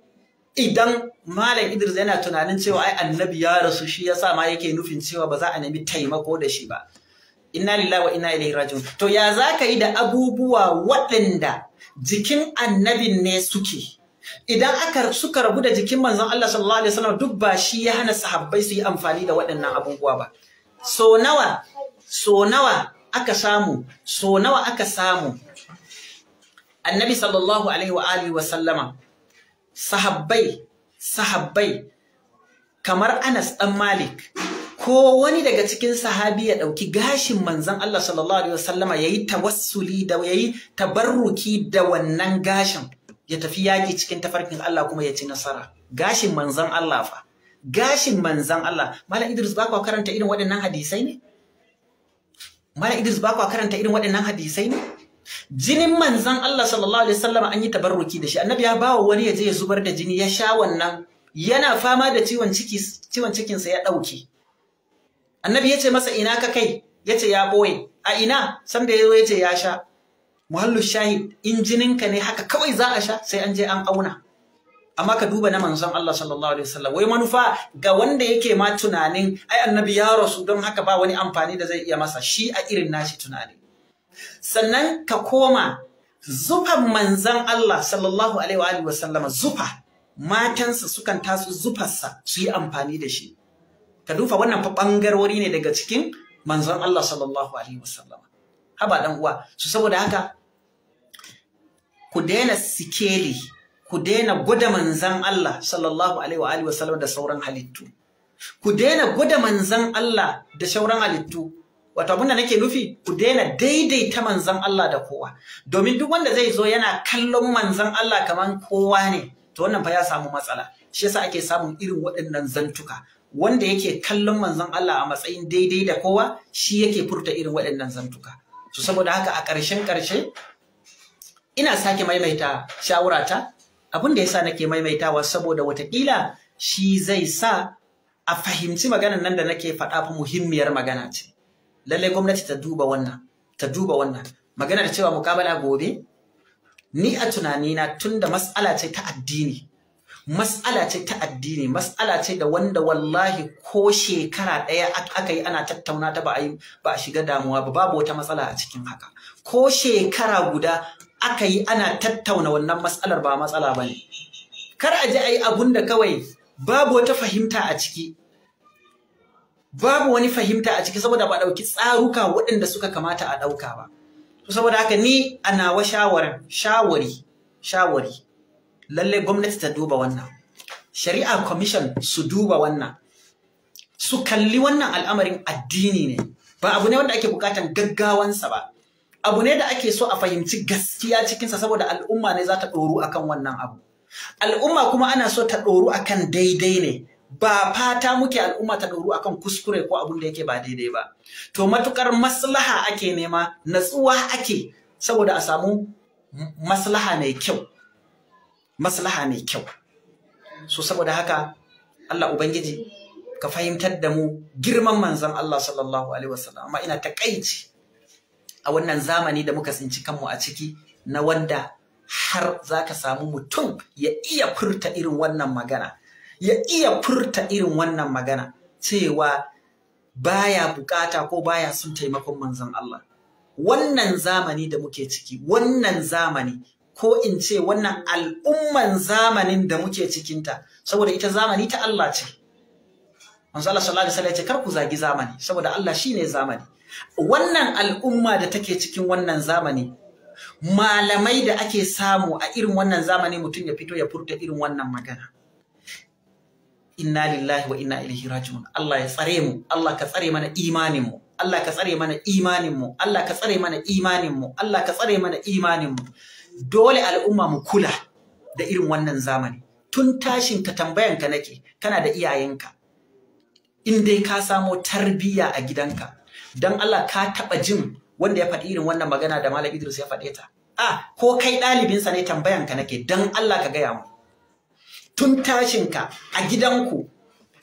idan Malam Idris yana tunanin cewa ai annabi ya rasu shi yasa ma yake nufin cewa ba za a nemi taimako da shi ba inna lillahi wa inna ilaihi raji'un to ya zaka yi da abubuwa waɗanda jikin annabin ne suke idan aka suka rabu da jikin manzon Allah sallallahu alaihi wasallam duk ba shi ya hana sahabbai su yi amfani da waɗannan abubuwa ba so nawa so nawa aka samu so nawa aka samu annabi sallallahu alaihi wa alihi wa sallama sahabbai sahabbai kamar Anas dan Malik ko wani daga cikin sahabi ya ɗauki gashin manzon Allah sallallahu alaihi wasallama yayi tawassuli da yayi tabarruki da wannan gashin ya tafi yaƙi cikin tafarkin Allah kuma ya ci nasara gashin manzan Allah fa gashin manzan Allah malam Idris ba kwa karanta irin waɗannan hadisai ne malam Idris ba kwa karanta irin waɗannan hadisai ne jinin manzan Allah sallallahu alaihi wasallam an yi tabarruki da shi annabi ya bawa wani ya je ya zubar da jini ya sha wannan yana fama da ciwon ciki ciwon cikinsa ya ɗauke annabi ya ce masa ina ka kai ya ce ya ɓoye a ina san da ya zo ya ce ya sha muhallu shahid injininka ne haka kawai za a sha sai an je an auna amma ka duba na manzon Allah sallallahu alaihi wasallam wai manufa ga wanda yake ma tunanin ai annabi ya rasu don haka ba wani amfani da zai iya masa shi a irin nashi tunani sannan ka koma zufan manzon Allah sallallahu alaihi wasallam zufa matansa sukan tasu zufarsa su yi amfani da shi ka dufa wannan fa bangarori ne daga cikin manzon Allah sallallahu alaihi wasallam haba ɗan uwa su saboda haka ku daina sikeli ku daina gwada manzan Allah sallallahu alaihi wa wa sallam da sauran halittu ku daina gwada manzan Allah da sauran halittu wato abinda nake nufi ku daina daidaita manzan Allah da kowa domin duk wanda zai zo yana kallon manzan Allah kamar kowa ne to wannan fa ya samu matsala shi yasa ake samun irin waɗannan zantuka wanda yake kallon manzan Allah a matsayin daidai da kowa shi yake furta irin waɗannan zantuka to saboda haka a ƙarshen ƙarshe ina sake maimaita shawarata abin da ya yasa nake maimaitawa saboda watakila shi zai sa a fahimci maganar nan da nake faɗa fa muhimmiyar magana ce lallai gwamnati ta duba wannan ta duba wannan maganar cewa mukabala gobe ni a tunani na tunda mas'ala ce ta addini mas'ala ce ta addini mas'ala ce da wanda wallahi ko shekara ɗaya aka yi ana tattauna ta ba a shiga damuwa ba babu wata matsala a cikin haka ko shekara guda aka yi ana tattauna wannan matsalar ba matsala ba ne. Kar a ji a yi abun da kawai babu wata fahimta a ciki. Babu wani fahimta a ciki saboda ba ɗauki tsaruka waɗanda suka kamata a ɗauka ba. Saboda haka ni a nawa shawarar, shawari, shawari. Lallai gwamnati ta duba wannan. Shari'a Commission su duba wannan. Su kalli wannan al'amarin addini ne. Ba abu ne wanda ake bukatan gaggawansa ba. abu ne da ake so a fahimci gaskiya cikinsa saboda al'umma ne za ta ɗoru akan wannan abu al'umma kuma ana so ta ɗoru akan daidai ne ba fata muke al'umma ta ɗoru akan kuskure ko abin da yake ba daidai ba to matukar maslaha ake nema natsuwa ake saboda a samu maslaha mai kyau maslaha mai kyau so saboda haka Allah ubangiji ka fahimtar da mu girman manzon Allah sallallahu alaihi wasallam amma ina takaici a wannan zamani da muka tsinci kanmu a ciki na wanda har za ka samu mutum ya iya furta irin wannan magana ya iya furta irin wannan magana cewa baya bukata ko baya sun taimakon manzon Allah wannan zamani da muke ciki wannan zamani ko in ce wannan al'umman zamanin da muke cikinta saboda ita zamani ta Allah ce manzo Allah sallallahu alaihi wasallam ya ce kar ku zagi zamani saboda Allah shine zamani wannan al'umma da take cikin wannan zamani malamai da ake samu a irin wannan zamani mutum ya fito ya furta irin wannan magana inna lillahi wa inna ilaihi raji'un Allah ya tsare mu Allah ka tsare mana imanin mu Allah ka tsare mana imanin mu Allah ka tsare mana imanin mu Allah ka tsare mana imanin dole al'umma mu kula da irin wannan zamani tun tashin ka tambayan ka nake kana da iyayenka in dai ka samo tarbiyya a gidanka dan Allah ka taba jin wanda ya faɗi irin wannan magana da Malam Idris ya faɗe ta a ko kai ɗalibinsa ne tambayan ka nake dan Allah ka gaya mu tun tashin ka a gidanku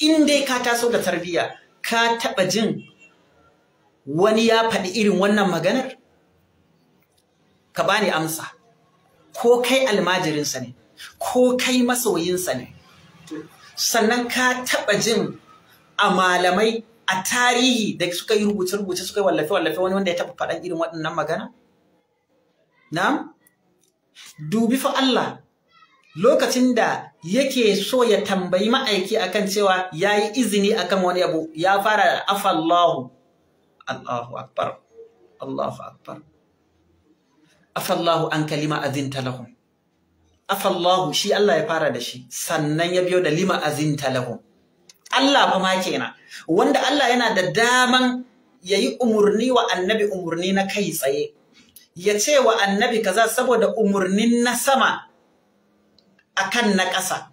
in dai ka taso da tarbiyya ka taba jin wani ya faɗi irin wannan maganar ka bani amsa ko kai almajirinsa ne ko kai masoyinsa ne sannan ka taɓa jin a malamai a tarihi da suka yi rubuce-rubuce suka yi wallafe-wallafe wani wanda ya taɓa faɗan irin waɗannan magana? Na'am? Dubi fa Allah lokacin da yake so ya tambayi ma'aiki akan cewa ya yi izini akan wani abu ya fara da afallahu. Allahu Akbar, Allahu Akbar. Afallahu an kalima azinta lahum. Afallahu shi Allah ya fara da shi sannan ya biyo da lima azin talahun. Allah fa ma kenan wanda Allah yana da daman yayi umurni wa annabi umurni na kai tsaye ya ce wa annabi kaza saboda umurnin na sama akan na ƙasa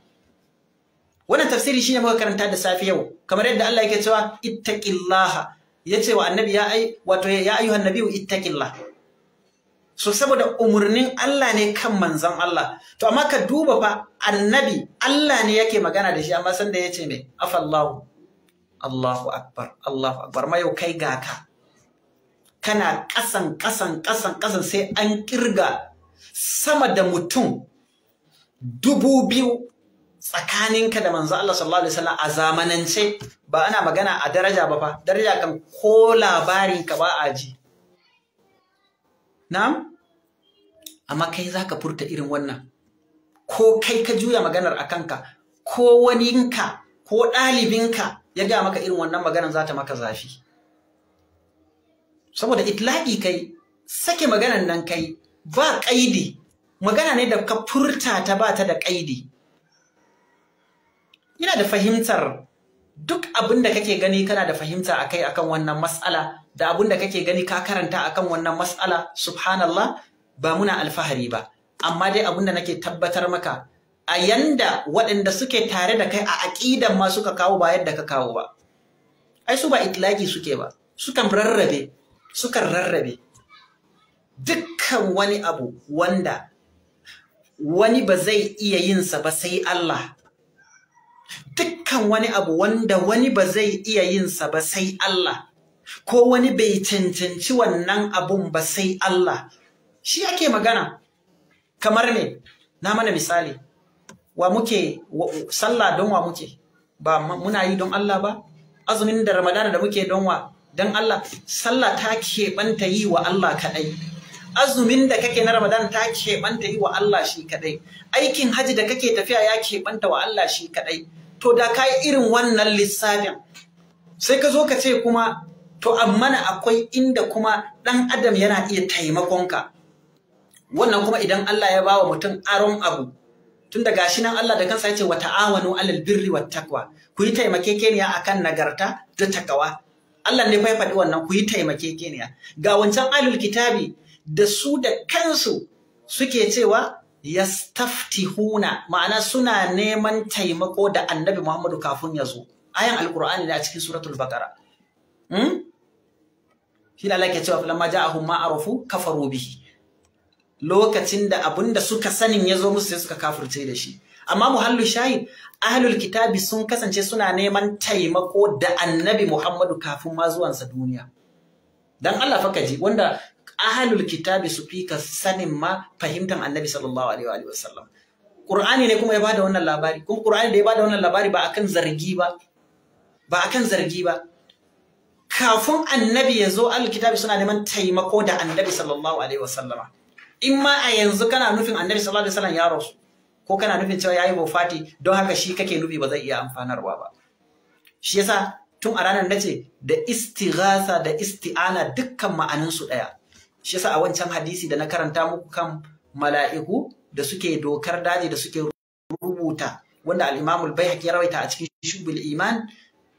wannan tafsiri shine muka karanta da safe yau kamar yadda Allah yake cewa ittaqillaha ce wa annabi ya ai wato ya ayyuhan nabiyyu ittaqillah so saboda umarnin Allah ne kan manzon Allah to amma ka duba fa annabi Allah ne yake magana da shi amma san da yace me afallahu Allahu akbar Allahu akbar ma kai ga ka kana kasan kasan kasan kasan sai an kirga sama da mutum dubu biyu tsakaninka da manzo Allah sallallahu alaihi wasallam a zamanance ba ana magana a daraja ba fa daraja kan ko labarin ka ba a ji na'am amma kai za ka furta irin wannan ko kai ka juya maganar a kanka ko waninka ko ɗalibinka ya gaya maka irin wannan maganar za ta maka zafi saboda itlaƙi kai sake maganar nan kai ba ƙaidi magana ne da ka furta ta ba ta da ƙaidi yana da fahimtar duk abin da kake gani kana da fahimta akai akan wannan matsala da abun da kake gani ka karanta akan wannan mas'ala subhanallah ba muna alfahari ba amma dai abun da nake tabbatar maka a yanda waɗanda suke tare da kai a aƙidan ma suka kawo ba yadda ka kawo ba ai su ba itlaki suke ba sukan rarrabe sukan rarrabe dukkan wani abu wanda wani ba zai iya yinsa ba sai Allah dukkan wani abu wanda wani ba zai iya yinsa ba sai Allah ko wani bai cancanci wannan abun ba sai Allah shi ake magana kamar me na mana misali wa muke sallah don wa muke ba muna yi don Allah ba azumin da ramadana da muke don wa don Allah sallah ta keɓanta yi wa Allah kaɗai azumin da kake na ramadana ta keɓanta yi wa Allah shi kaɗai aikin haji da kake tafiya ya keɓanta wa Allah shi kaɗai to da ka yi irin wannan lissafin sai ka zo ka ce kuma to amma akwai inda kuma ɗan adam yana iya taimakon ka. wannan kuma idan Allah ya ba wa mutum aron abu tun da gashi nan Allah da kansa ya ce wa ta'awanu alal birri wat taqwa ku yi taimakekeniya akan nagarta da takawa Allah ne fai faɗi wannan ku yi taimakekeniya ga wancan alul kitabi da su da kansu suke cewa yastaftihuna ma'ana suna neman taimako da annabi Muhammadu kafin ya zo ayan alqur'ani ne a cikin suratul baqara hmm? shi ne Allah ke cewa a ja'ahum ma arafu kafaru bihi lokacin da abin da suka sanin ya zo musu sai suka kafirce da shi amma muhallu shahid ahlul kitabi sun kasance suna neman taimako da annabi Muhammadu kafin ma zuwansa duniya dan Allah fa ji wanda ahlul kitabi su fi ka sanin ma fahimtar annabi sallallahu alaihi wa sallam Qur'ani ne kuma ya bada wannan labari kuma Qur'ani da ya bada wannan labari ba akan zargi ba ba akan zargi ba kafin annabi ya zo alkitabi suna neman taimako da annabi sallallahu alaihi in ma a yanzu kana nufin annabi sallallahu alaihi wasallam ya rasu ko kana nufin cewa yayi wafati don haka shi kake nufi ba zai iya amfanarwa ba shi yasa tun a ranar nace da istighasa da isti'ana dukkan ma'anin su daya shi yasa a wancan hadisi da na karanta muku kan mala'iku da suke dokar daji da suke rubuta wanda al-Imam al-Baihaqi ya rawaita a cikin Shubul Iman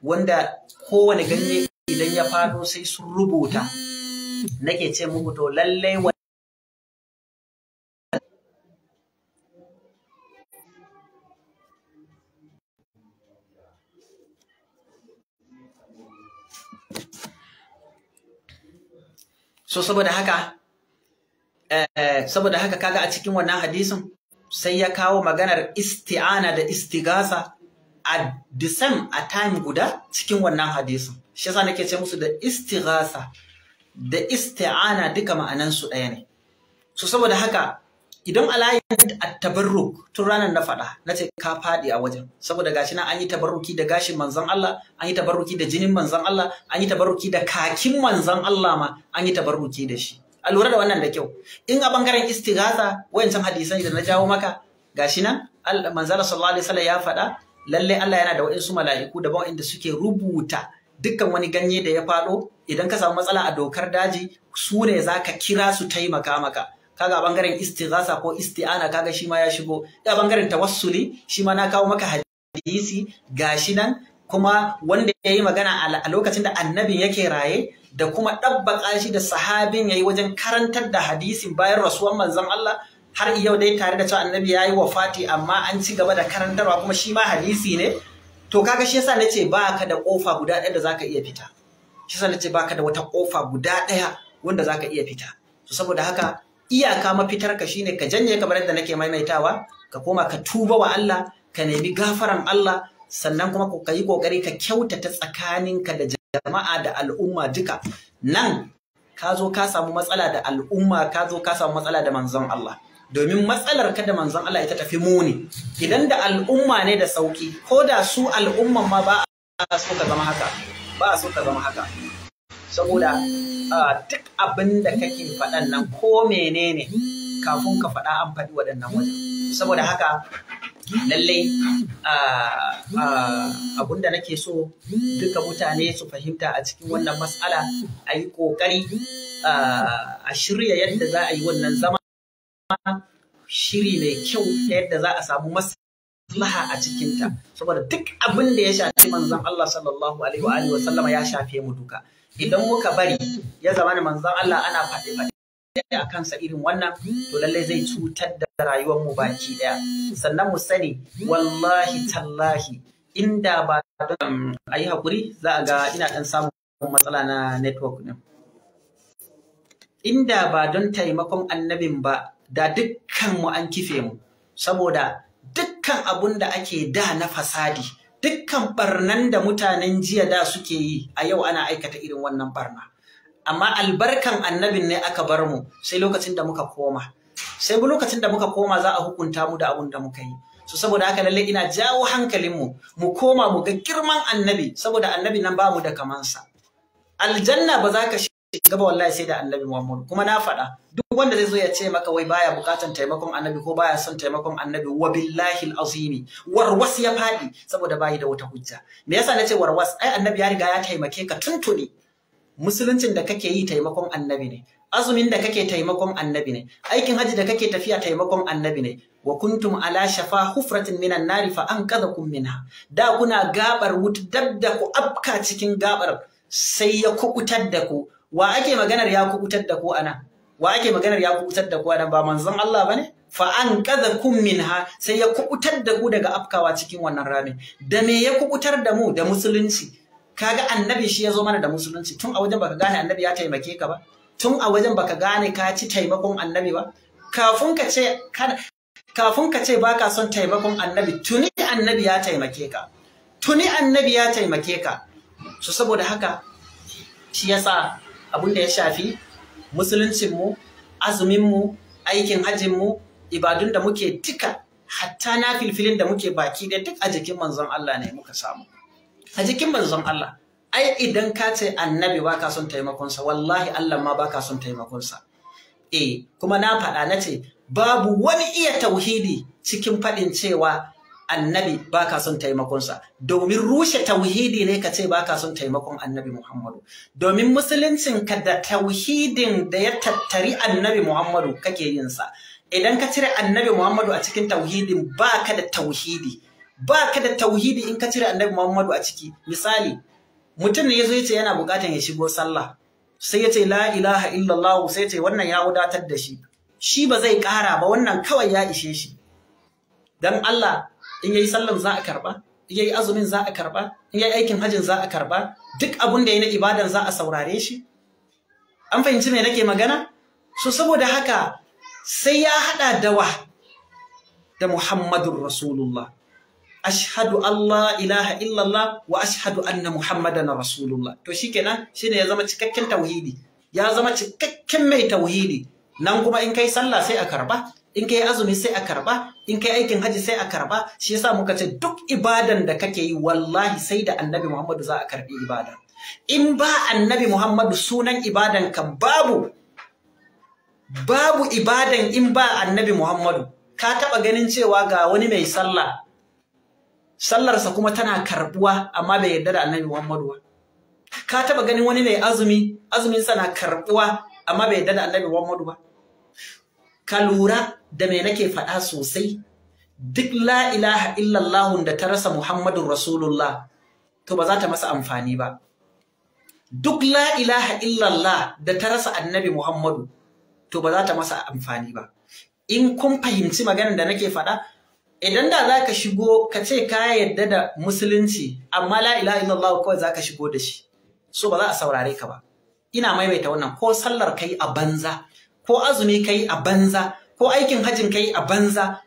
wanda kowane ganye idan ya fado sai sun rubuta nake ce muku to lallai wa so saboda haka eh, saboda haka kaga a cikin wannan hadisin sai ya kawo maganar isti'ana da istigasa a the a time guda cikin wannan hadisin shi yasa nake ce musu da istirasa da isti'ana duka ma'anan su ɗaya ne so saboda haka idan alayin at-tabarruk tun ranar na faɗa na ce ka faɗi a wajen saboda gashi nan an yi tabarruki da gashin manzon Allah an yi tabarruki da jinin manzon Allah an yi tabarruki da kakin manzan Allah ma an yi tabarruki da shi a lura da wannan da kyau in a bangaren istighasa wayancan hadisan da na jawo maka gashi nan manzon sallallahu alaihi wasallam ya faɗa lalle Allah yana da wa'insu mala'iku daban da suke rubuta dukkan wani ganye da ya faɗo idan ka samu matsala a dokar daji su ne za ka kira su taimaka maka kaga bangaren istighasa ko isti'ana kaga shi ma ya shigo ga bangaren tawassuli shi ma na kawo maka hadisi gashi nan kuma wanda ya yi magana a lokacin da annabin yake raye da kuma ɗabbaƙa shi da sahabin ya yi wajen karantar da hadisin bayan rasuwan manzon Allah har yau dai tare da cewa annabi ya yi wafati amma an ci gaba da karantarwa kuma shi ma hadisi ne to kaga shi yasa na ce ba ka da kofa guda ɗaya da za ka iya fita shi yasa na ce ba ka da wata kofa guda ɗaya wanda za ka iya fita to saboda haka iyaka mafitar ka shine ka janye kamar da nake maimaitawa ka koma ka tuba wa Allah ka nemi gafaran Allah sannan kuma ka yi kokari ka kyautata tsakaninka da jama'a da al'umma duka nan ka zo ka samu matsala da al'umma ka zo ka samu matsala da manzon Allah domin matsalar kada manzon Allah ya tafi muni idan da al'umma ne da sauki ko da su al'umman ma ba a so ka zama haka ba a so ka zama haka saboda duk abin da kake faɗan nan ko menene kafin ka faɗa an faɗi waɗannan waje? saboda haka lallai abun da nake so duka mutane su fahimta a cikin wannan matsala a yi ƙoƙari a shirya yadda za a yi wannan zama shiri mai kyau ta yadda za a samu maslaha a cikinta saboda duk abin da ya shafi manzon Allah sallallahu alaihi wa sallama ya shafe mu duka idan muka bari ya zama manzon Allah ana faɗi faɗi a kansa irin wannan to lallai zai cutar da rayuwar mu baki daya sannan mu sani wallahi tallahi inda ba don yi hakuri za a ga ina dan samun matsala na network ɗin inda ba don taimakon annabin ba da dukkan mu an kife mu saboda dukkan abun da ake da na fasadi dukkan barnan da mutanen jiya da suke yi a yau ana aikata irin wannan barna amma albarkan annabin ne aka bar mu sai lokacin da muka koma sai lokacin da muka koma za a hukunta mu da abun da muka yi so saboda haka lalle ina jawo hankalinmu mu koma mu ga girman annabi saboda annabi nan ba mu da kamansa aljanna ba za ka gaba wallahi sai da annabi Muhammad kuma na faɗa duk wanda zai zo ya ce maka wai baya bukatan taimakon annabi ko baya son taimakon annabi wa billahi warwas ya faɗi saboda bayi da wata hujja me yasa nace warwas ai annabi ya riga ya taimake ka tuntuni musuluncin da kake yi taimakon annabi ne azumin da kake taimakon annabi ne aikin haji da kake tafiya taimakon annabi ne wa kuntum ala shafa hufratin minan nari fa kun minha da kuna gabar wuta da ku afka cikin gabar sai ya kukutar da ku wa ake maganar ya kubutar da ku ana wa ake maganar ya kubutar da ku ana ba manzon Allah bane fa an kaza kum minha sai ya kubutar da ku daga afkawa cikin wannan ramin da me ya kubutar da mu da musulunci kaga annabi shi ya zo mana da musulunci tun a wajen baka gane annabi ya taimake ka ba tun a wajen baka gane ka ci taimakon annabi ba kafin ka ce kafin ka ce baka son taimakon annabi tuni annabi ya taimake ka tuni annabi ya taimake ka so saboda haka shi yasa abin da ya shafi musuluncinmu azuminmu aikin hajjinmu ibadun da muke duka hatta na filfilin da muke baki da duk a jikin manzon Allah ne muka samu a jikin manzon Allah ai idan ka ce annabi baka son taimakonsa wallahi Allah ma baka son taimakonsa eh kuma na faɗa na ce babu wani iya tauhidi cikin faɗin cewa annabi ka son taimakonsa domin rushe tauhidi ne ka ce ba ka son taimakon annabi Muhammadu domin musuluncin ka da tauhidin da ya tattari annabi Muhammadu kake yinsa. idan ka cire annabi Muhammadu a cikin tauhidin ka da tauhidi ba ka da tauhidi in ka cire annabi Muhammadu a ciki misali mutum ne ya yazo yace yana bukatan ya shigo sallah sai ya ce la ilaha illallah sai ce wannan ya wadatar da shi shi ba zai kara ba wannan kawai ya ishe shi dan Allah in yayi sallan za a karba in yayi azumin za a karba in yayi aikin hajin za a karba duk abun da yayi na ibadan za a saurare shi an fahimci me nake magana so saboda haka sai ya hada wa da Muhammadur Rasulullah ashhadu Allah ilaha illallah wa ashhadu anna Muhammadan Rasulullah to shikenan shine ya zama cikakken tauhidi ya zama cikakken mai tauhidi nan kuma in kai sallah sai a karba in ka yi azumi sai a karba in ka yi aikin haji sai a karba shi yasa muka ce duk ibadan da kake yi wallahi sai da annabi Muhammadu za a karbi ibada in ba annabi Muhammadu sunan ibadan kan babu babu ibadan in ba annabi Muhammadu ka taba ganin cewa ga wani mai sallah sallarsa kuma tana karbuwa amma bai yarda da annabi Muhammadu ba ka taba ganin wani mai azumi azuminsa na karbuwa amma bai yarda da annabi Muhammadu ba ka lura da me nake faɗa sosai duk la ilaha illallah da ta rasa Muhammadun Rasulullah to ba za ta masa amfani ba duk la ilaha illallah da ta rasa annabi Muhammadu to ba za ta masa amfani ba in kun fahimci maganar da nake faɗa idan da za ka shigo ka ce ka yadda da musulunci amma la ilaha illallah kawai za ka shigo da shi so ba za a saurare ka ba ina maimaita wannan ko sallar kai a banza ko azumi kai a banza ko aikin hajin kai a banza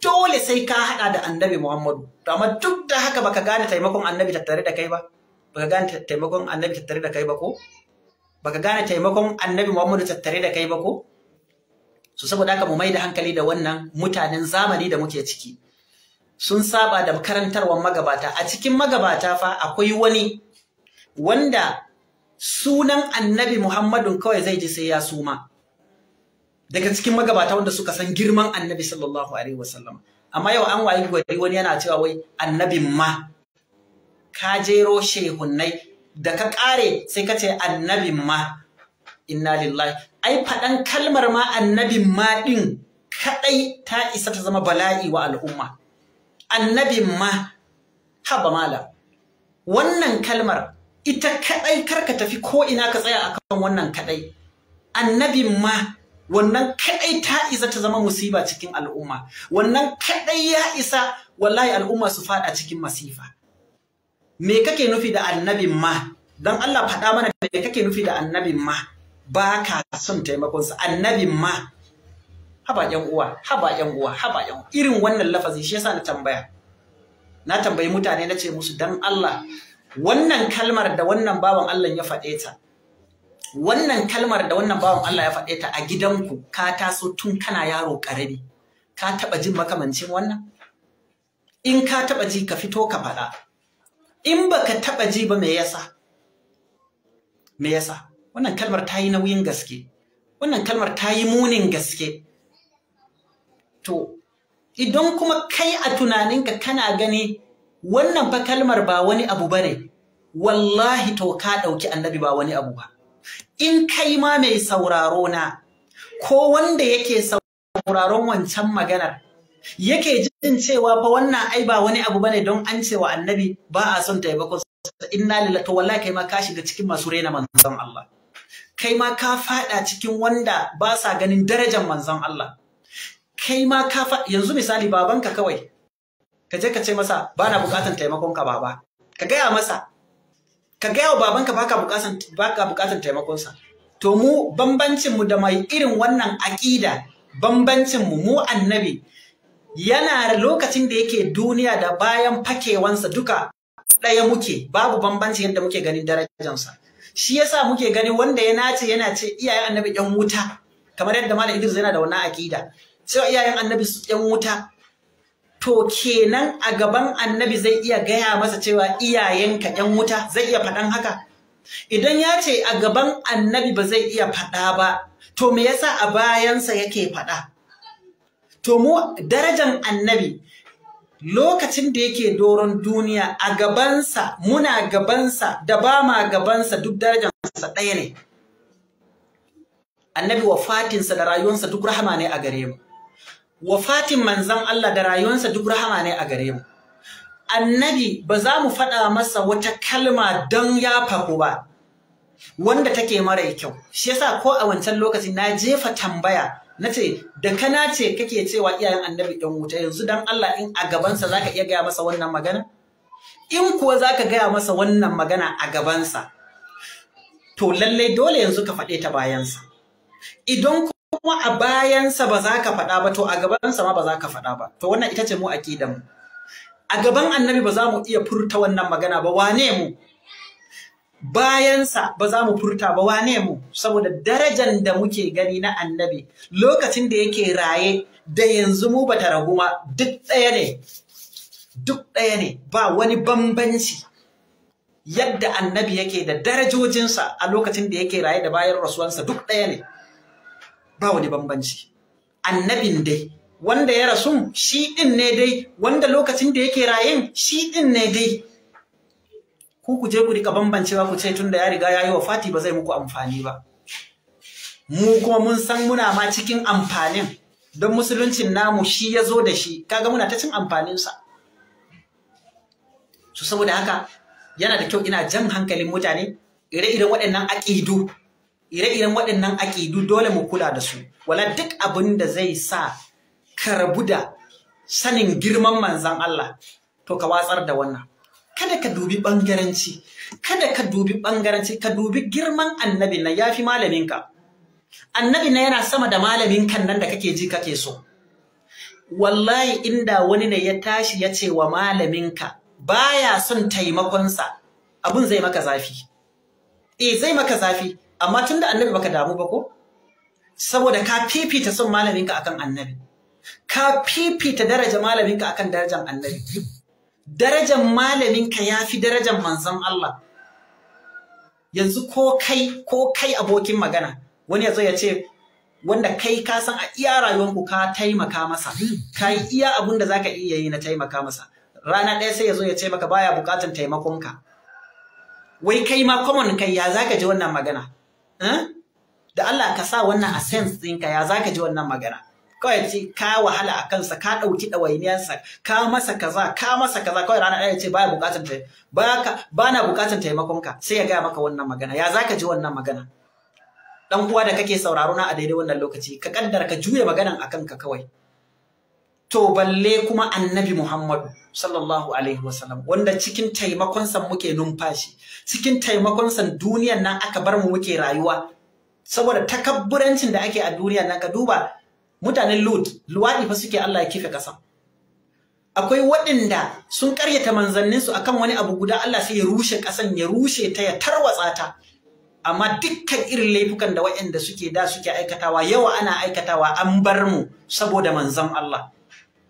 dole sai ka haɗa da annabi Muhammadu to amma duk da haka baka gane taimakon annabi tattare da kai ba baka gane taimakon annabi tattare da kai ba ko baka gane taimakon annabi Muhammadu tattare da kai ba ko so saboda haka mu mai da hankali da wannan mutanen zamani da muke ciki sun saba da karantarwar magabata a cikin magabata fa akwai wani wanda sunan annabi Muhammadu kawai zai ji sai ya suma daga cikin magabata wanda suka san girman annabi sallallahu alaihi wasallam amma yau an wayi gwari wani yana cewa wai annabin ma ka jero shehunnai da ka kare sai ka ce annabin ma inna lillahi ai faɗan kalmar ma annabin ma ɗin kaɗai ta isa ta zama bala'i wa al'umma annabin ma haba malam wannan kalmar ita kaɗai karka tafi ko ina ka tsaya akan wannan kaɗai annabin ma wannan kaɗai ta isa ta zama musiba cikin al'umma wannan kaɗai ya isa wallahi al'umma su faɗa cikin masifa me kake nufi da annabin ma dan Allah faɗa mana me kake nufi da annabin ma ba ka son taimakon sa annabin ma haba yan uwa haba yan uwa haba yan irin wannan lafazi shi yasa na tambaya na tambayi mutane na ce musu dan Allah wannan kalmar da wannan baban Allah ya faɗe ta wannan kalmar da wannan bawan Allah ya faɗe ta a gidanku ka taso tun kana yaro ƙarami ka taɓa jin makamancin wannan in ka taɓa ji ka fito ka faɗa in baka taɓa ji ba me yasa me yasa wannan kalmar ta yi nauyin gaske wannan kalmar ta yi munin gaske to idan kuma kai a tunaninka kana gani wannan fa kalmar ba wani abu bane wallahi to ka ɗauki annabi ba wani abu ba in kai ma mai sauraro na ko wanda yake sauraron wancan maganar yake jin cewa fa wannan ai ba wani abu bane don an cewa annabi ba a son taimako inna lillahi to wallahi kai ma ka shiga cikin masu rena manzon Allah kai ma ka fada cikin wanda ba sa ganin darajar manzon Allah kai ma ka fa yanzu misali babanka kawai kaje je ka ce masa bana na bukatan taimakon ka baba ka gaya masa ka gaya wa babanka baka bukatan baka taimakonsa to mu bambancin mu da mai irin wannan aƙida bambancin mu mu annabi yana lokacin da yake duniya da bayan fakewansa duka ɗaya muke babu bambanci yadda muke ganin darajansa shi yasa muke gani wanda ya nace yana ce iyayen annabi yan wuta kamar yadda malam Idris yana da wannan aƙida cewa iyayen annabi yan wuta to kenan a gaban annabi zai iya gaya masa cewa iyayenka ‘yan wuta zai iya faɗan haka? Idan ya ce a gaban annabi ba zai iya faɗa ba, to me yasa a bayansa yake faɗa? To mu darajan annabi lokacin da yake doron duniya a gabansa, muna gabansa, da ba ma gabansa duk darajansa ɗaya ne. Annabi wa fatinsa da rayuwarsa duk rahama ne a gare mu. wafatin manzan Allah da rayuwansa duk rahama ne a gare mu annabi ba za mu faɗa masa wata kalma don ya faru ba wanda take mara kyau shi yasa ko a wancan lokaci na jefa tambaya na ce da kana ce kake cewa iyayen annabi ɗan wuta yanzu don Allah in a gabansa za ka iya gaya masa wannan magana in kuwa za ka gaya masa wannan magana a gabansa to lallai dole yanzu ka faɗe ta bayansa idan kuma a bayansa ba za ka faɗa ba to a gabansa ma ba za ka faɗa ba to wannan ita ce mu aqidan mu a gaban annabi ba za mu iya furta wannan magana ba wane mu bayansa ba za mu furta ba wane mu saboda darajar da muke gani na annabi lokacin da yake raye da yanzu mu bata ragu ma duk ɗaya ne duk ɗaya ne ba wani bambanci yadda annabi yake da darajojinsa a lokacin da yake raye da bayan rasuwansa duk ɗaya ne ba wani bambanci annabin dai wanda ya rasu shi din ne dai wanda lokacin da yake rayin shi din ne dai ku ku je ku rika bambancewa ku ce tun da ya riga ya yi wa Fati ba zai muku amfani ba mu kuma mun san muna ma cikin amfanin don musuluncin namu shi ya zo da shi kaga muna ta cin amfaninsa su saboda haka yana da kyau ina jan hankalin mutane ire-iren waɗannan aƙidu ire-iren waɗannan aƙidu dole mu kula da su wala duk abin da zai sa ka da sanin girman manzan Allah to ka watsar da wannan kada ka dubi ɓangaranci kada ka dubi ɓangaranci ka dubi girman annabi na ya fi malaminka annabi na yana sama da malamin kan nan da kake ji kake so wallahi inda wani ne ya tashi ya ce wa malaminka baya son taimakonsa abun zai maka zafi eh zai maka zafi amma da annabi baka damu ba ko saboda ka fifita son malaminka akan annabi ka fifita daraja malaminka akan darajan annabi darajan malaminka ya fi darajan manzon Allah yanzu ko kai ko kai abokin magana wani ya zo ya ce wanda kai ka san a iya ku ka taimaka masa ka yi iya abun da zaka iya yi na taimaka masa rana ɗaya sai ya zo ya ce maka baya bukatan ka. wai kai ma common kai ya zaka ji wannan magana Eh? da Allah ka sa wannan a sense ɗinka ya zaka ji wannan magana kawai ce ka wahala a kansa ka ɗauki ɗawainiyarsa ka masa kaza ka masa kaza kawai rana ɗaya ce baya bukatar ta baka bana buƙatar taimakonka sai ya gaya maka wannan magana ya zaka ji wannan magana dan uwa da kake sauraro na a daidai wannan lokaci ka kaddara ka juya maganan akan ka kawai to balle kuma annabi Muhammadu sallallahu alaihi wasallam wanda cikin taimakonsa muke numfashi cikin taimakon taimakonsa duniyan nan aka bar mu muke rayuwa saboda takabburancin da ake a duniya nan ka duba mutanen Lut luwadi fa suke Allah ya kife kasa akwai waɗanda sun ƙaryata manzanninsu akan wani abu guda Allah sai ya rushe ƙasan ya rushe ta ya tarwatsa ta amma dukkan irin laifukan da waɗanda suke da suke aikatawa yawa ana aikatawa an bar mu saboda manzon Allah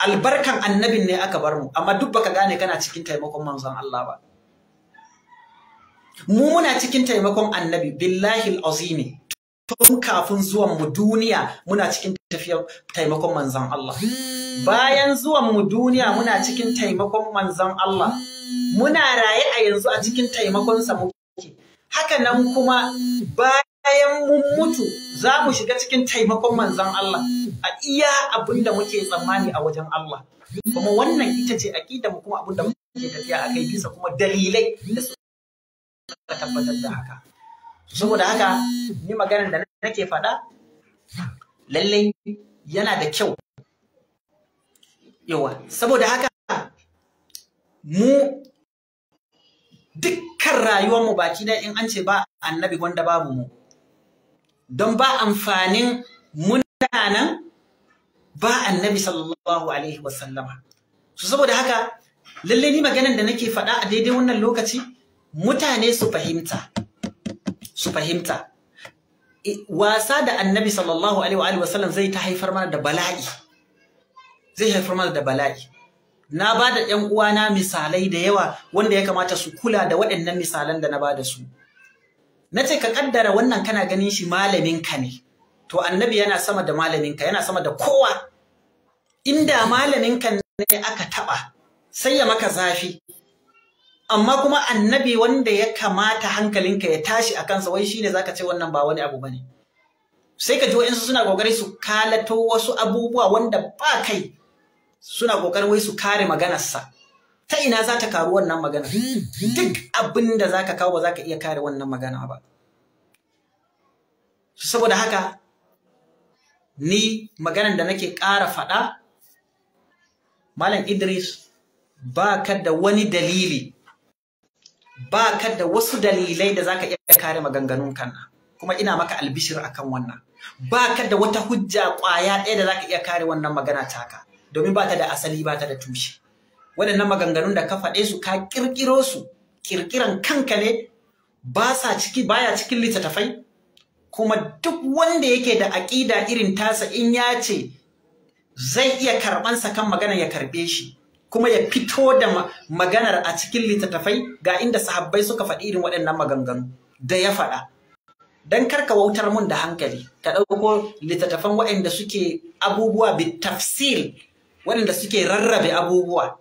albarkan annabin ne aka bar mu amma duk baka gane kana cikin taimakon manzon Allah ba mu muna cikin taimakon annabi billahi alazimi tun kafin zuwan mu duniya muna cikin tafiyar taimakon manzon Allah bayan zuwan mu duniya muna cikin taimakon manzon Allah muna raye a yanzu a cikin taimakon sa muke haka nan kuma bayan ɗayan mun mutu za mu shiga cikin taimakon manzan Allah a iya abin muke tsammani a wajen Allah kuma wannan ita ce akida mu kuma abin muke tafiya a kai bisa kuma dalilai da suka tabbatar da haka saboda haka ni maganar da nake faɗa lallai yana da kyau yawa saboda haka mu dukkan rayuwarmu baki da in an ce ba annabi wanda babu mu don ba amfanin munanan ba annabi sallallahu alaihi wasallama su saboda haka lalle ni maganar da nake faɗa a daidai wannan lokaci mutane su fahimta su fahimta wasa da annabi sallallahu alaihi wasallam zai ta haifar mana da bala'i zai haifar mana da bala'i na ba da ‘yan uwana misalai da yawa wanda ya kamata su kula da waɗannan misalan da na ba da su na ce ka ƙaddara wannan kana ganin shi malaminka ne to annabi yana sama da malaminka yana sama da kowa inda malaminka ne aka taɓa sai ya maka zafi amma kuma annabi wanda ya kamata hankalinka ya tashi a kansa wai shine zaka ce wannan ba wani abu bane sai ka ji wa'insu suna kokari su kalato wasu abubuwa wanda ba kai suna kokarin wai su kare maganarsa ta ina za ta karu wannan magana duk abin da za ka kawo ba za ka iya kare wannan magana ba saboda haka ni maganan da nake ƙara faɗa malam idris ba ka da wani dalili ba ka da wasu dalilai da za ka iya kare maganganun kanna kuma ina maka albishir akan wannan ba ka da wata hujja kwaya ɗaya da za ka iya kare wannan magana taka domin ba ta da asali ba ta da tushe waɗannan maganganun da ka faɗe su ka ƙirƙiro su ƙirƙiran kanka ne ba sa ciki baya cikin littattafai kuma duk wanda yake da aƙida irin tasa in ya ce zai iya karɓansa kan magana ya karɓe shi kuma ya fito da maganar a cikin littattafai ga inda sahabbai suka faɗi irin waɗannan maganganu da ya faɗa dan ka wautar mun da hankali ka ɗauko littattafan waɗanda suke abubuwa bi tafsil waɗanda suke rarrabe abubuwa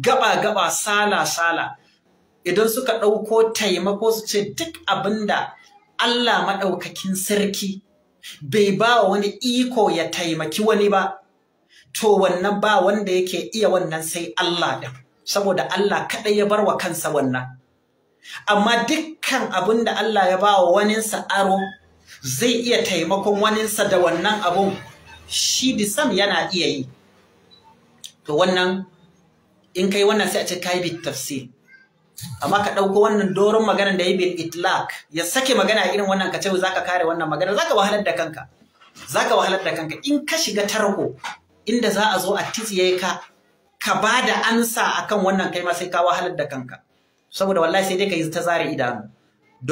gaba-gaba sala-sala idan suka ɗauko taimako su ce duk abinda Allah maɗaukakin sarki bai ba wani iko ya taimaki wani ba to wannan ba wanda yake iya wannan sai Allah da saboda Allah kaɗai ya bar wa kansa wannan amma dukkan abinda Allah ya ba wa waninsa aro zai iya taimakon waninsa da wannan abun shi disam yana iya yi to wannan in kai wannan sai a ce kai bit tafsir amma ka ɗauko wannan doron maganar da ya bil itlak ya sake magana irin wannan ka ce zaka kare wannan magana zaka wahalar da kanka zaka wahalar da kanka in ka shiga tarko inda za a zo a titsiye ka ka ba da ansa akan wannan kai ma sai ka wahalar da kanka saboda wallahi sai dai ka yi ta zare idanu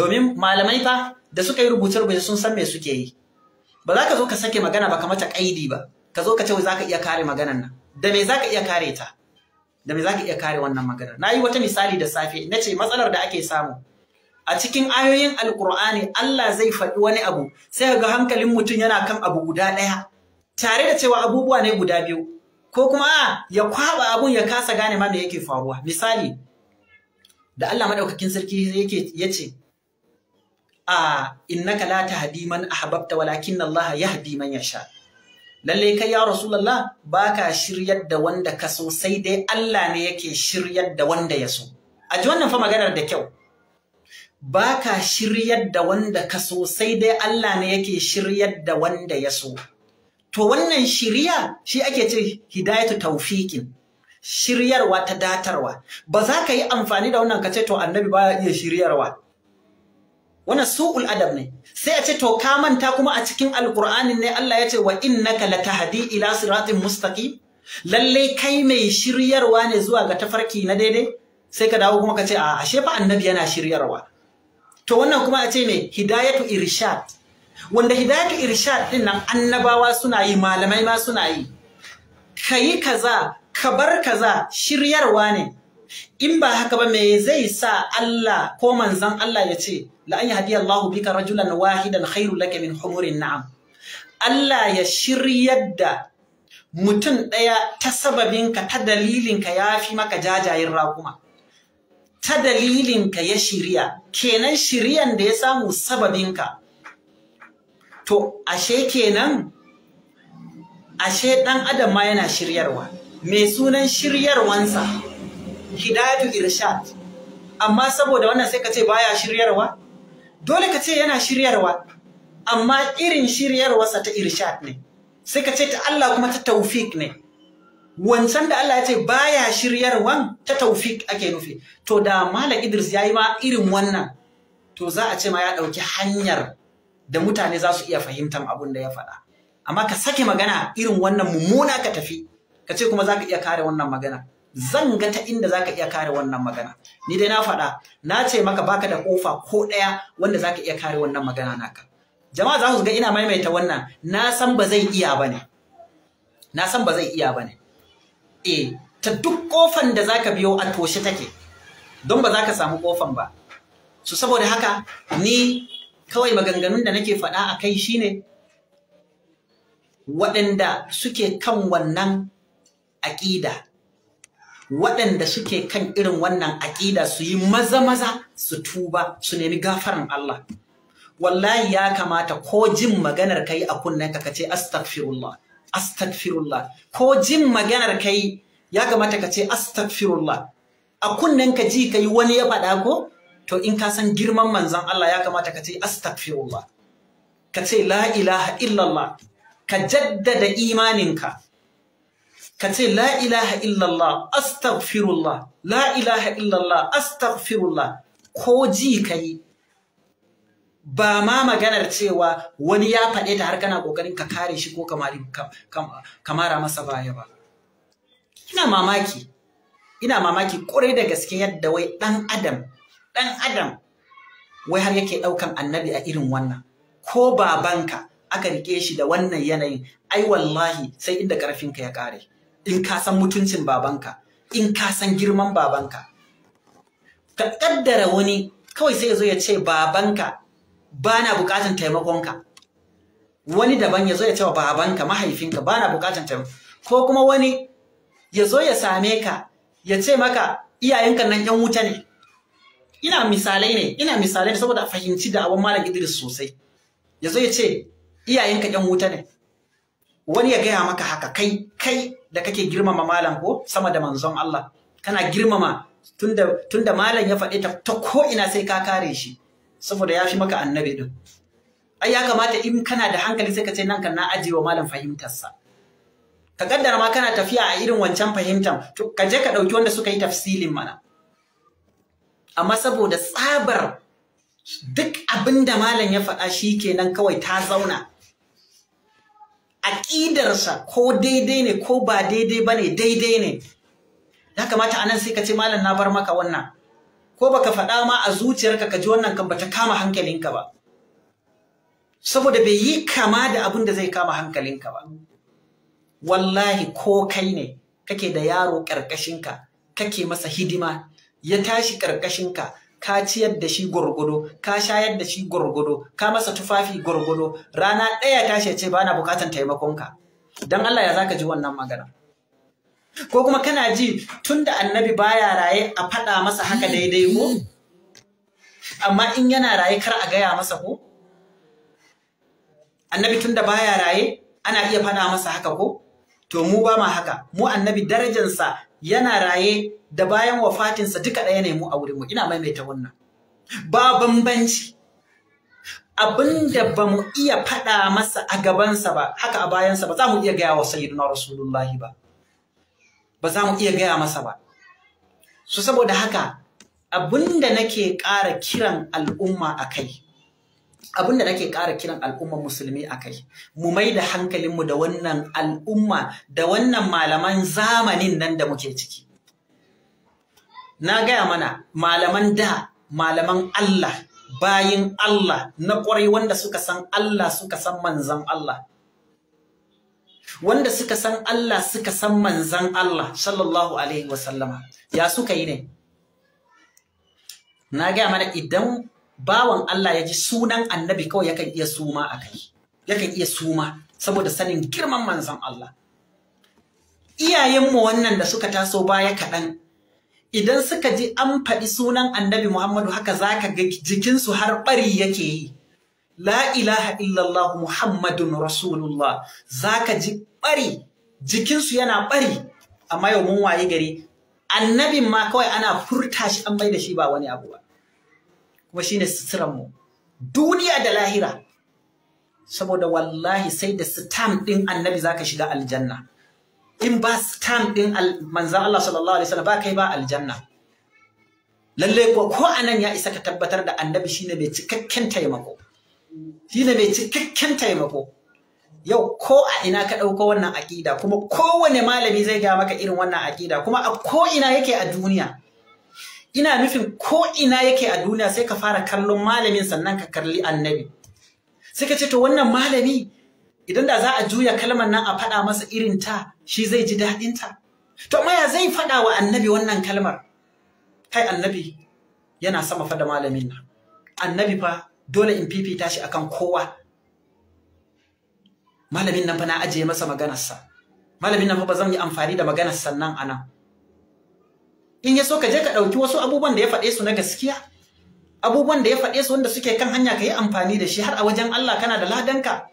domin malamai fa da suka yi rubuce rubuce sun san me suke yi ba za ka zo ka sake magana ba ka mata kaidi ba ka zo ka ce za ka iya kare maganar nan da me za ka iya kare ta da me zaka iya kare wannan magana. Na yi wata misali da safe ce matsalar da ake samu a cikin ayoyin alkur'ani Allah zai faɗi wani abu sai ga hankalin mutum yana kan abu guda ɗaya tare da cewa abubuwa ne guda biyu ko kuma a ah, ya kwaba abun ya kasa gane ma me yake faruwa misali da Allah madaukakin sarki yake yace a ah, innaka la tahdi man ahbabta walakin Allah yahdi man yasha lalle kai ya rasulullah baka shiryar da wanda ka so sai dai Allah ne yake shiryar da wanda ya so a ji wannan fa maganar da kyau baka shiryar da wanda ka so sai dai Allah ne yake shiryar da wanda ya so to wannan shiriya shi ake ce hidayatu taufikin shiryarwa ta datarwa ba za ka yi amfani da wannan ka ce to annabi baya iya shiryarwa wannan su'ul adab ne sai a ce to ka manta kuma a cikin alqur'anin ne Allah ya ce wa innaka latahdi ila siratin mustaqim lalle kai mai shiryarwa ne zuwa ga tafarki na daidai sai ka dawo kuma ka ce a ashe fa annabi yana shiryarwa to wannan kuma a ce me hidayatu irshad wanda hidayatu irshad din nan annabawa suna yi malamai ma suna yi kayi kaza ka bar kaza shiryarwa ne in ba haka ba me zai sa Allah ko manzon Allah ya ce la an yahdi Allahu bika rajulan wahidan khairu laka min humurin na'am Allah ya shiryar da mutum ɗaya ta sababinka ta dalilinka ya fi maka jajayen rakuma ta dalilinka ya shirya kenan shiryan da ya samu sababinka to ashe kenan ashe ɗan adam ma yana shiryarwa mai sunan shiryarwansa hidayatu irshad amma saboda wannan sai ka ce baya shiryarwa dole ka ce yana shiryarwa amma irin shiryarwa sa ta irshad ne sai ka ce ta Allah kuma ta taufik ne wancan da Allah ya ce baya shiryarwan ta taufik ake nufi to da Malam Idris yayi ma irin wannan to za a ce ma ya dauki hanyar da mutane za su iya fahimtar abin da ya faɗa amma ka sake magana irin wannan mummuna ka tafi ka ce kuma za ka iya kare wannan magana zan ga ta inda zaka iya kare wannan magana ni dai na faɗa na ce maka baka da ƙofa ko ɗaya wanda zaka iya kare wannan magana naka jama'a za su ga ina maimaita wannan na san ba zai iya bane na san ba zai iya ne. E, ta duk ƙofan da zaka biyo a toshe take don ba za ka samu ƙofan ba su saboda haka ni kawai maganganun da nake faɗa a kai shine waɗanda suke kan wannan aƙida waɗanda suke kan irin wannan aƙida su yi maza-maza su tuba su nemi gafaran Allah. Wallahi ya kamata ko jin maganar kai a kunnen ka kace astagfirullah, astagfirullah. Ko jin maganar kai ya kamata ka ce astagfirullah. A ka ji kai wani ya faɗa ko? To in ka san girman manzon Allah ya kamata ka ce astagfirullah. Ka ce la ilaha illallah. Ka jaddada imaninka. ka ce la ilaha illallah astaghfirullah la ilaha illallah astaghfirullah ko ji ka yi ba ma maganar cewa wani ya faɗe ta har kana ƙoƙarin ka kare shi ko kamara masa baya ba ina mamaki ina mamaki ƙwarai da gaske yadda wai ɗan adam ɗan adam wai har yake ɗaukan annabi a irin wannan ko babanka aka rike shi da wannan yanayin ai wallahi sai inda ƙarfinka ya ƙare in ka san mutuncin babanka in ka san girman babanka ka kaddara wani kawai sai ya zo ya ce babanka bana bukatan taimakonka wani daban ya zo ya ce wa babanka mahaifinka bana bukatan taimako ko kuma wani ya zo ya same ka ya ce maka iyayenka nan yan wuta ne ina misalai ne ina misalai saboda fahimci da abin malam Idris sosai ya zo ya ce iyayenka yan wuta ne wani ya gaya maka haka kai kai da kake girmama malam ko sama da manzon Allah kana girmama tunda tunda malam ya faɗe ta ko'ina ko ina sai ka kare shi saboda ya fi maka annabi din ai ya kamata in kana da hankali sai ka ce nan kan na ajiye wa malam fahimtarsa ka kaddara ma kana tafiya a irin wancan fahimtar ka je ka ɗauki wanda suka yi tafsilin mana amma saboda tsabar duk abinda malam ya faɗa shi kenan kawai ta zauna aƙidarsa ko daidai ne ko ba daidai ba ne daidai ne ya kamata nan sai ka ce malam na bar maka wannan ko baka faɗa ma a zuciyarka ka ji wannan kan bata kama hankalinka ba saboda bai yi kama da abin da zai kama hankalinka ba wallahi ko kai ne kake da yaro ƙarƙashinka kake masa hidima ya tashi ƙarƙashinka ka ciyar da shi gwargwado ka shayar da shi gwargwado ka masa tufafi gwargwado rana ɗaya tashi ya ce ba na bukatan taimakonka don Allah ya za ka ji wannan magana ko kuma kana ji tun da annabi baya raye a faɗa masa haka daidai ko amma in yana raye kar a gaya masa ko annabi tun tunda baya raye ana iya faɗa masa haka ko to mu ba ma haka mu annabi darajansa yana raye da bayan wafatinsa duka ɗaya ne mu a wurinmu ina maimaita wannan ba bambanci da ba mu iya faɗa masa a gabansa ba haka a bayansa ba za mu iya gaya wa sayyidina rasulullahi ba ba za mu iya gaya masa ba su saboda haka abin da nake ƙara kiran al'umma a kai abin da nake ƙara kiran al'ummar musulmi a kai mu mai da hankalinmu da wannan al'umma da wannan malaman zamanin nan da muke ciki na gaya mana malaman da malaman Allah bayin Allah na ƙwarai wanda suka san Allah suka san manzan Allah wanda suka san Allah suka san manzan Allah sallallahu alaihi wasallama ya suka yi ne na gaya mana idan bawan Allah ya ji sunan annabi kawai yakan iya suma a kai yakan iya suma saboda sanin girman manzon Allah iyayenmu wannan da suka taso baya kaɗan idan suka ji an faɗi sunan annabi Muhammadu haka zaka ga jikinsu har ɓari yake yi la ilaha illallah Muhammadun Rasulullah zaka ji ɓari jikinsu yana ɓari amma yau mun waye gari annabin ma kawai ana furta shi an bai da shi ba wani abu ba kuma shine suturan mu duniya da lahira saboda wallahi sai da stamp din annabi zaka shiga aljanna in ba stamp din manzon Allah sallallahu alaihi wasallam ba kai ba aljanna lalle ko ko anan ya isa ka tabbatar da annabi shine mai cikakken taimako shine mai cikakken taimako yau ko a ina ka ɗauko wannan aƙida kuma kowane malami zai ga maka irin wannan aƙida kuma a ko ina yake a duniya ina nufin ko ina yake a duniya sai ka fara kallon malamin sannan ka kalli annabi sai ka ce to wannan malami idan da za a juya kalmar nan a faɗa masa irin ta shi zai ji daɗin ta to amma ya zai faɗa wa annabi wannan kalmar kai annabi yana sama fa da malamin nan annabi fa dole in fifita shi akan kowa malamin nan fa na ajiye masa maganarsa malamin nan fa ba zan yi amfani da maganar sannan anan in ya so ka je ka ɗauki wasu abubuwan da ya faɗe su na gaskiya abubuwan da ya faɗe su wanda suke kan hanya ka yi amfani da shi har a wajen Allah kana da ladanka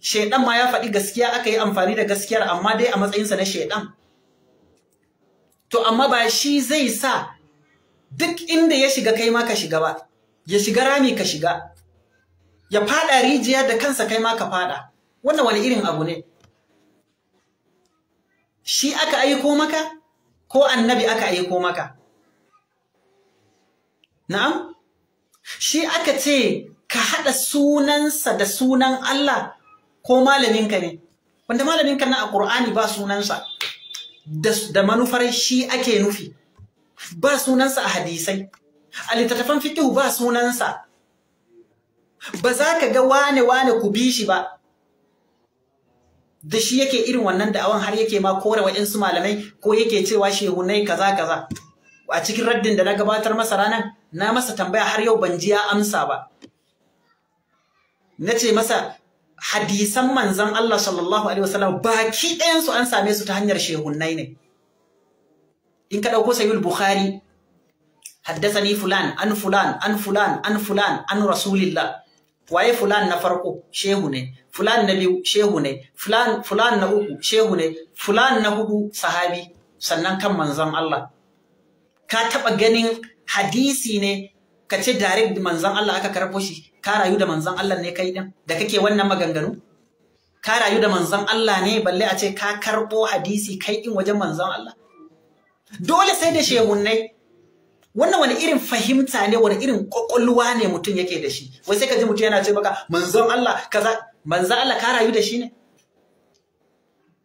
shaidan ma ya faɗi gaskiya aka yi amfani da gaskiyar amma dai a matsayinsa na shaidan to amma ba shi zai sa duk inda ya shiga kai ma ka shiga ba ya shiga rami ka shiga ya faɗa rijiya da kansa kai ma ka faɗa, wannan wani irin abu ne shi aka aiko maka ko annabi aka aiko maka na'am shi aka ce ka haɗa sunansa da sunan Allah ko malaminka ne wanda malaminka na a ƙur'ani ba sunansa da manufar shi ake nufi ba sunansa a hadisai a littattafan fikihu ba sunansa ba za ka ga wane wane ku bi shi ba da shi yake irin wannan da'awan har yake ma kore 'yansu malamai ko yake cewa shehunai kaza kaza a cikin raddin da na gabatar masa ranar na masa tambaya har yau ban ji ya amsa ba na ce masa hadisan manzan Allah sallallahu alaihi wasallam baki ɗayan su an same su ta hanyar shehunai ne in ka ɗauko sayyid bukhari ni fulan an fulan an fulan an fulan an rasulillah waye fulan na farko shehu ne fulan na biyu shehu ne fulan na uku shehu ne fulan na hudu sahabi sannan kan manzon Allah ka taɓa ganin hadisi ne ka ce direct manzon Allah aka karɓo shi ka rayu da manzon Allah ne kai din da kake wannan maganganu ka rayu da manzon Allah ne balle a ce ka karɓo hadisi kai din wajen manzon Allah dole sai da shehunnai wannan wani irin fahimta ne wani irin kwakwalwa ne mutum yake da shi wai sai ka ji mutum yana ce maka manzon Allah manzo Allah ka rayu da shi ne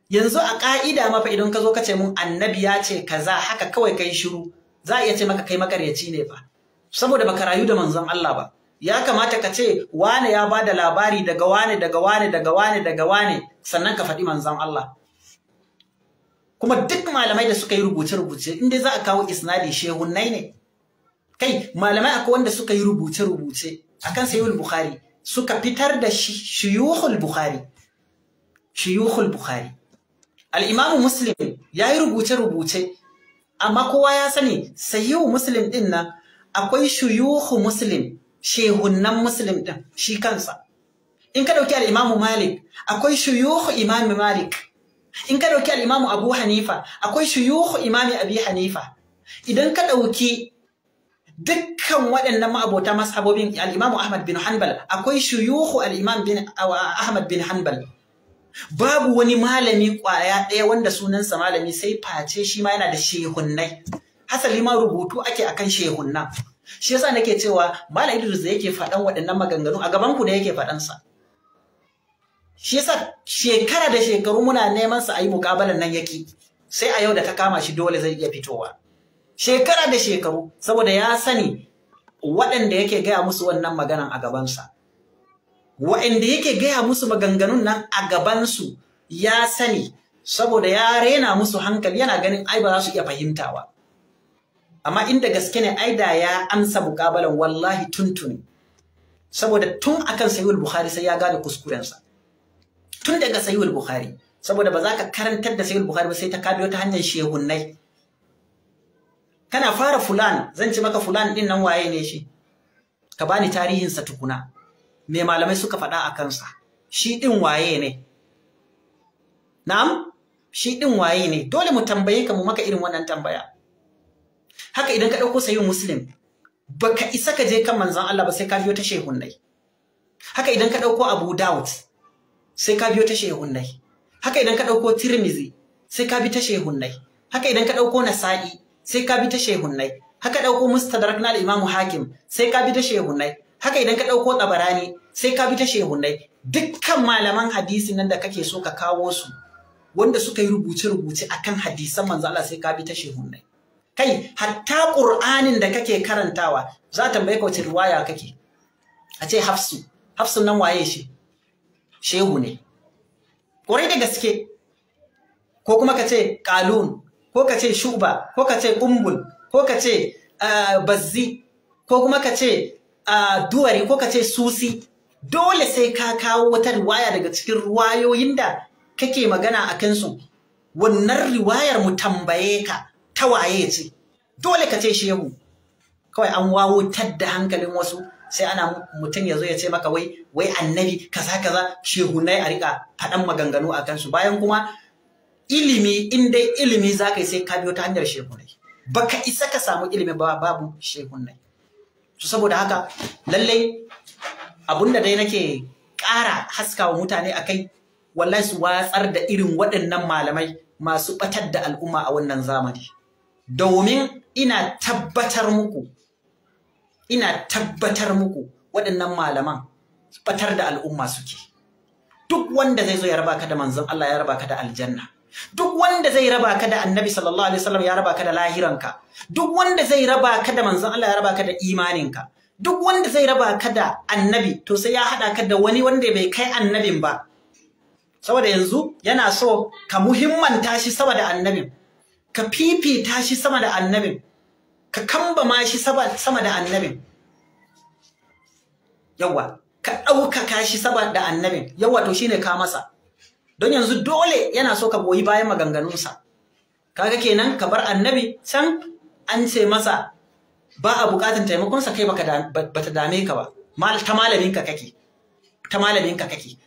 yanzu a ka'ida mafa idan ka zo ka ce mun annabi ya ce kaza haka kawai kai shiru za a iya ce maka kai makaryaci ne fa saboda baka rayu da manzon Allah ba ya kamata ka ce wane ya ba da labari daga wane daga wane daga wane daga wane sannan ka faɗi manzon Allah kuma duk malamai da suka yi rubuce-rubuce in dai za a kawo isnadi shehunnai ne kai malamai akwai wanda suka yi rubuce-rubuce akan sayyid bukhari suka fitar da shuyuhul bukhari shuyuhul bukhari al-imamu muslim yayi rubuce rubuce amma kowa ya sani sahihu muslim din nan akwai shuyuhu muslim shehunnan muslim din shi kansa in ka dauki al-imamu malik akwai shuyuhu imam malik in ka dauki al-imamu abu hanifa akwai shuyuhu imam abi hanifa idan ka dauki dukkan waɗannan ma'abota masu abobin imam Ahmad bin Hanbal akwai shuyuhu alimam bin uh, Ahmad bin Hanbal babu wani malami ƙwaya ɗaya wanda sunansa malami sai face shi ma yana da shehunnai hasali ma rubutu ake akan shehunna shi yasa nake cewa malam Idris da yake faɗan waɗannan maganganu a gaban ku da yake faɗan sa shi yasa shekara da shekaru muna neman sa yi mukabalan nan yake sai a yau da ta kama shi dole zai iya fitowa shekara da shekaru saboda ya sani waɗanda yake gaya musu wannan maganan a gabansa waɗanda yake gaya musu maganganun nan a gabansu ya sani saboda ya rena musu hankali yana ganin ai ba za su iya fahimtawa amma inda gaske ne ai da ya amsa mukabalan wallahi tuntuni saboda tun akan sayuwar bukhari sai ya gane kuskurensa tun daga sahihul bukhari saboda ba za ka karantar da sayuwar bukhari ba sai ta kabiyo ta hanyar shehunnai kana fara fulan zan ce maka fulan din nan waye ne shi ka bani tarihinsa tukuna me malamai suka faɗa a kansa shi din waye ne na'am shi din waye ne dole mu tambaye ka mu maka irin wannan tambaya haka idan ka ɗauko sayin muslim baka isa ka je kan manzon Allah ba sai ka biyo ta nai haka idan ka ɗauko Abu Dawud sai ka biyo ta nai haka idan ka ɗauko Tirmizi sai ka bi ta nai haka idan ka ɗauko Nasa'i sai ka bi ta shehunnai haka ɗauko mustadrak na imamu hakim sai ka bi ta shehunnai haka idan ka ɗauko tsabarani sai ka bi ta shehunnai dukkan malaman hadisi nan da kake so ka kawo su wanda suka yi rubuce-rubuce akan hadisan manzo Allah sai ka bi ta shehunnai kai hatta ƙur'anin da kake karantawa za ta tambaye ka wace riwaya kake a ce hafsu Hafsu nan waye shi shehu ne ƙwarai da gaske ko kuma ka ce ƙalun ko ka ce shuba ko ka ce ƙumbul ko ka ce bazzi ko kuma ka ce duwari ko ka ce susi dole sai ka kawo wata riwaya daga cikin riwayoyin da kake magana a kansu wannan riwayar mu tambaye ka ta waye ce dole ka ce shehu kawai an wawo tadda hankalin wasu sai ana mutum ya zo ya ce maka wai wai annabi kaza kaza shehunai a rika faɗan maganganu a kansu bayan kuma ilimi in dai ilimi za ka yi sai ka biyo ta hanyar ba ka isa ka samu ilimi ba babu shekunai to saboda haka lallai abunda dai nake ƙara haskawa mutane a kai wallahi su watsar da irin waɗannan malamai masu ɓatar da al'umma a wannan zamani domin ina tabbatar muku ina tabbatar muku waɗannan malaman ɓatar da al'umma suke duk wanda zai zo ya raba ka da manzon Allah ya raba ka da aljanna duk wanda zai raba ka da annabi sallallahu alaihi wasallam ya raba ka da lahiranka duk wanda zai raba ka da manzon Allah ya raba ka da imaninka duk wanda zai raba ka da annabi to sai ya hada ka da wani wanda bai kai annabin ba saboda yanzu yana so ka muhimmanta shi sama da annabin ka fifita shi sama da annabin ka kambama shi sama da annabin yawa ka ɗaukaka shi sama da annabin yawa to shine ka masa don yanzu dole yana so ka goyi bayan maganganunsa kaga kenan ka bar annabi can an ce masa ba a buƙatar taimakonsa kai ba ta dame ka ba ta malaminka kake ta malaminka kake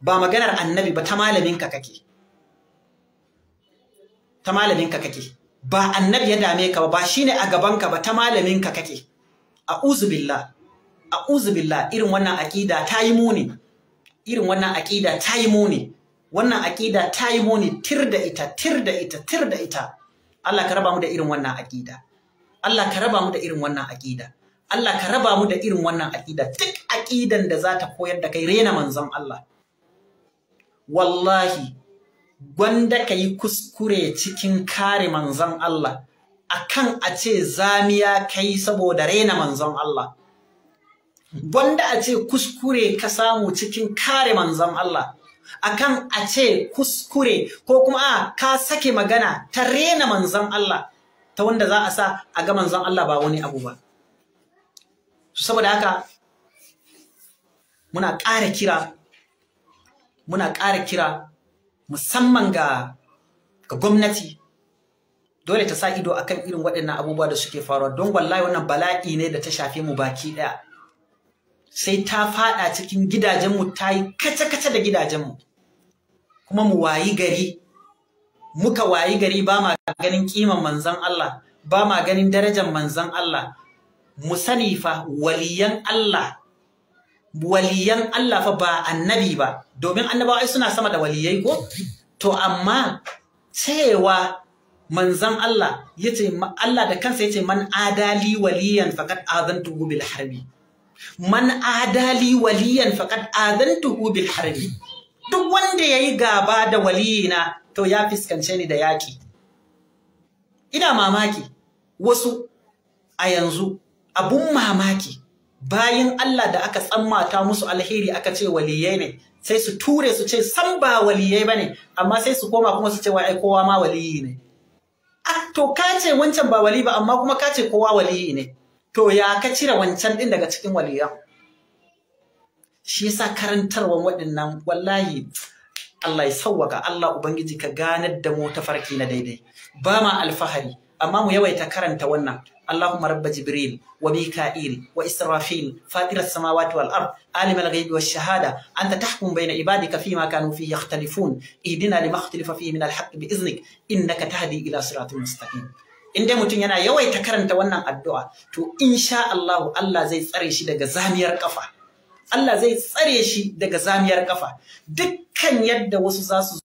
ba maganar annabi ba ta malaminka kake ta malaminka kake ba annabi ya dame ka ba ba shine a gabanka ba ta malaminka kake a'udhu billah a'udhu billah irin wannan aqida ta yi muni irin wannan aqida ta yi muni wannan aƙida ta yi muni tir da ita tir da ita tir da ita Allah ka raba mu da irin wannan aƙida Allah ka raba mu da irin wannan aƙida Allah ka raba mu da irin wannan aƙida duk aƙidan da za ta koyar da kai rena manzon Allah wallahi gwanda ka yi kuskure cikin kare manzon Allah akan a ce zamiya kai saboda rena manzon Allah gwanda a ce kuskure ka samu cikin kare manzon Allah akan a ce kuskure ko kuma a ah, ka sake magana ta rena manzan Allah ta wanda za a sa a ga manzan Allah ba wani abu ba saboda haka muna ƙara kira muna ƙara kira musamman ga ga gwamnati dole ta sa ido akan irin waɗannan abubuwa da suke faruwa don wallahi wannan bala'i ne da ta shafe mu baki ɗaya sai ta faɗa cikin gidajenmu ta yi kace-kace da gidajenmu kuma mu wayi gari muka wayi gari ba ma ganin kiman manzan Allah ba ma ganin darajar manzan Allah mu sani fa waliyan Allah waliyan Allah fa ba annabi ba domin annabawa suna sama da waliyai ko to amma cewa manzan Allah yace Allah da kansa yace man adali waliyan faqad adantu bil harbi man adali waliyan faqad adantuhu bil harbi duk wanda yayi gaba da waliyina to ya fiskance ni da yaki ina mamaki wasu a yanzu abun mamaki bayan Allah da aka tsammata musu alheri aka ce waliyai ne sai su ture su ce san ba waliyai bane amma sai su koma kuma su ce wai kowa ma waliyi ne ah, to kace wancan ba wali ba amma kuma kace kowa waliyi ne to ya ka cire wancan din daga cikin waliyan shi yasa karantarwan waɗannan wallahi Allah ya sauwaka Allah ubangiji ka ganar da mu tafarki na daidai ba ma alfahari amma mu yawaita karanta wannan اللهم رب جبريل وميكائيل وإسرافيل فاطر السماوات والأرض عالم الغيب والشهادة أنت تحكم بين عبادك فيما كانوا فيه يختلفون اهدنا لما اختلف فيه من الحق بإذنك إنك تهدي إلى صراط مستقيم in dai mutum yana yawaita karanta wannan addu'a to insha Allah Allah zai tsare shi daga zamiyar kafa Allah zai tsare shi daga zamiyar kafa dukkan yadda wasu za su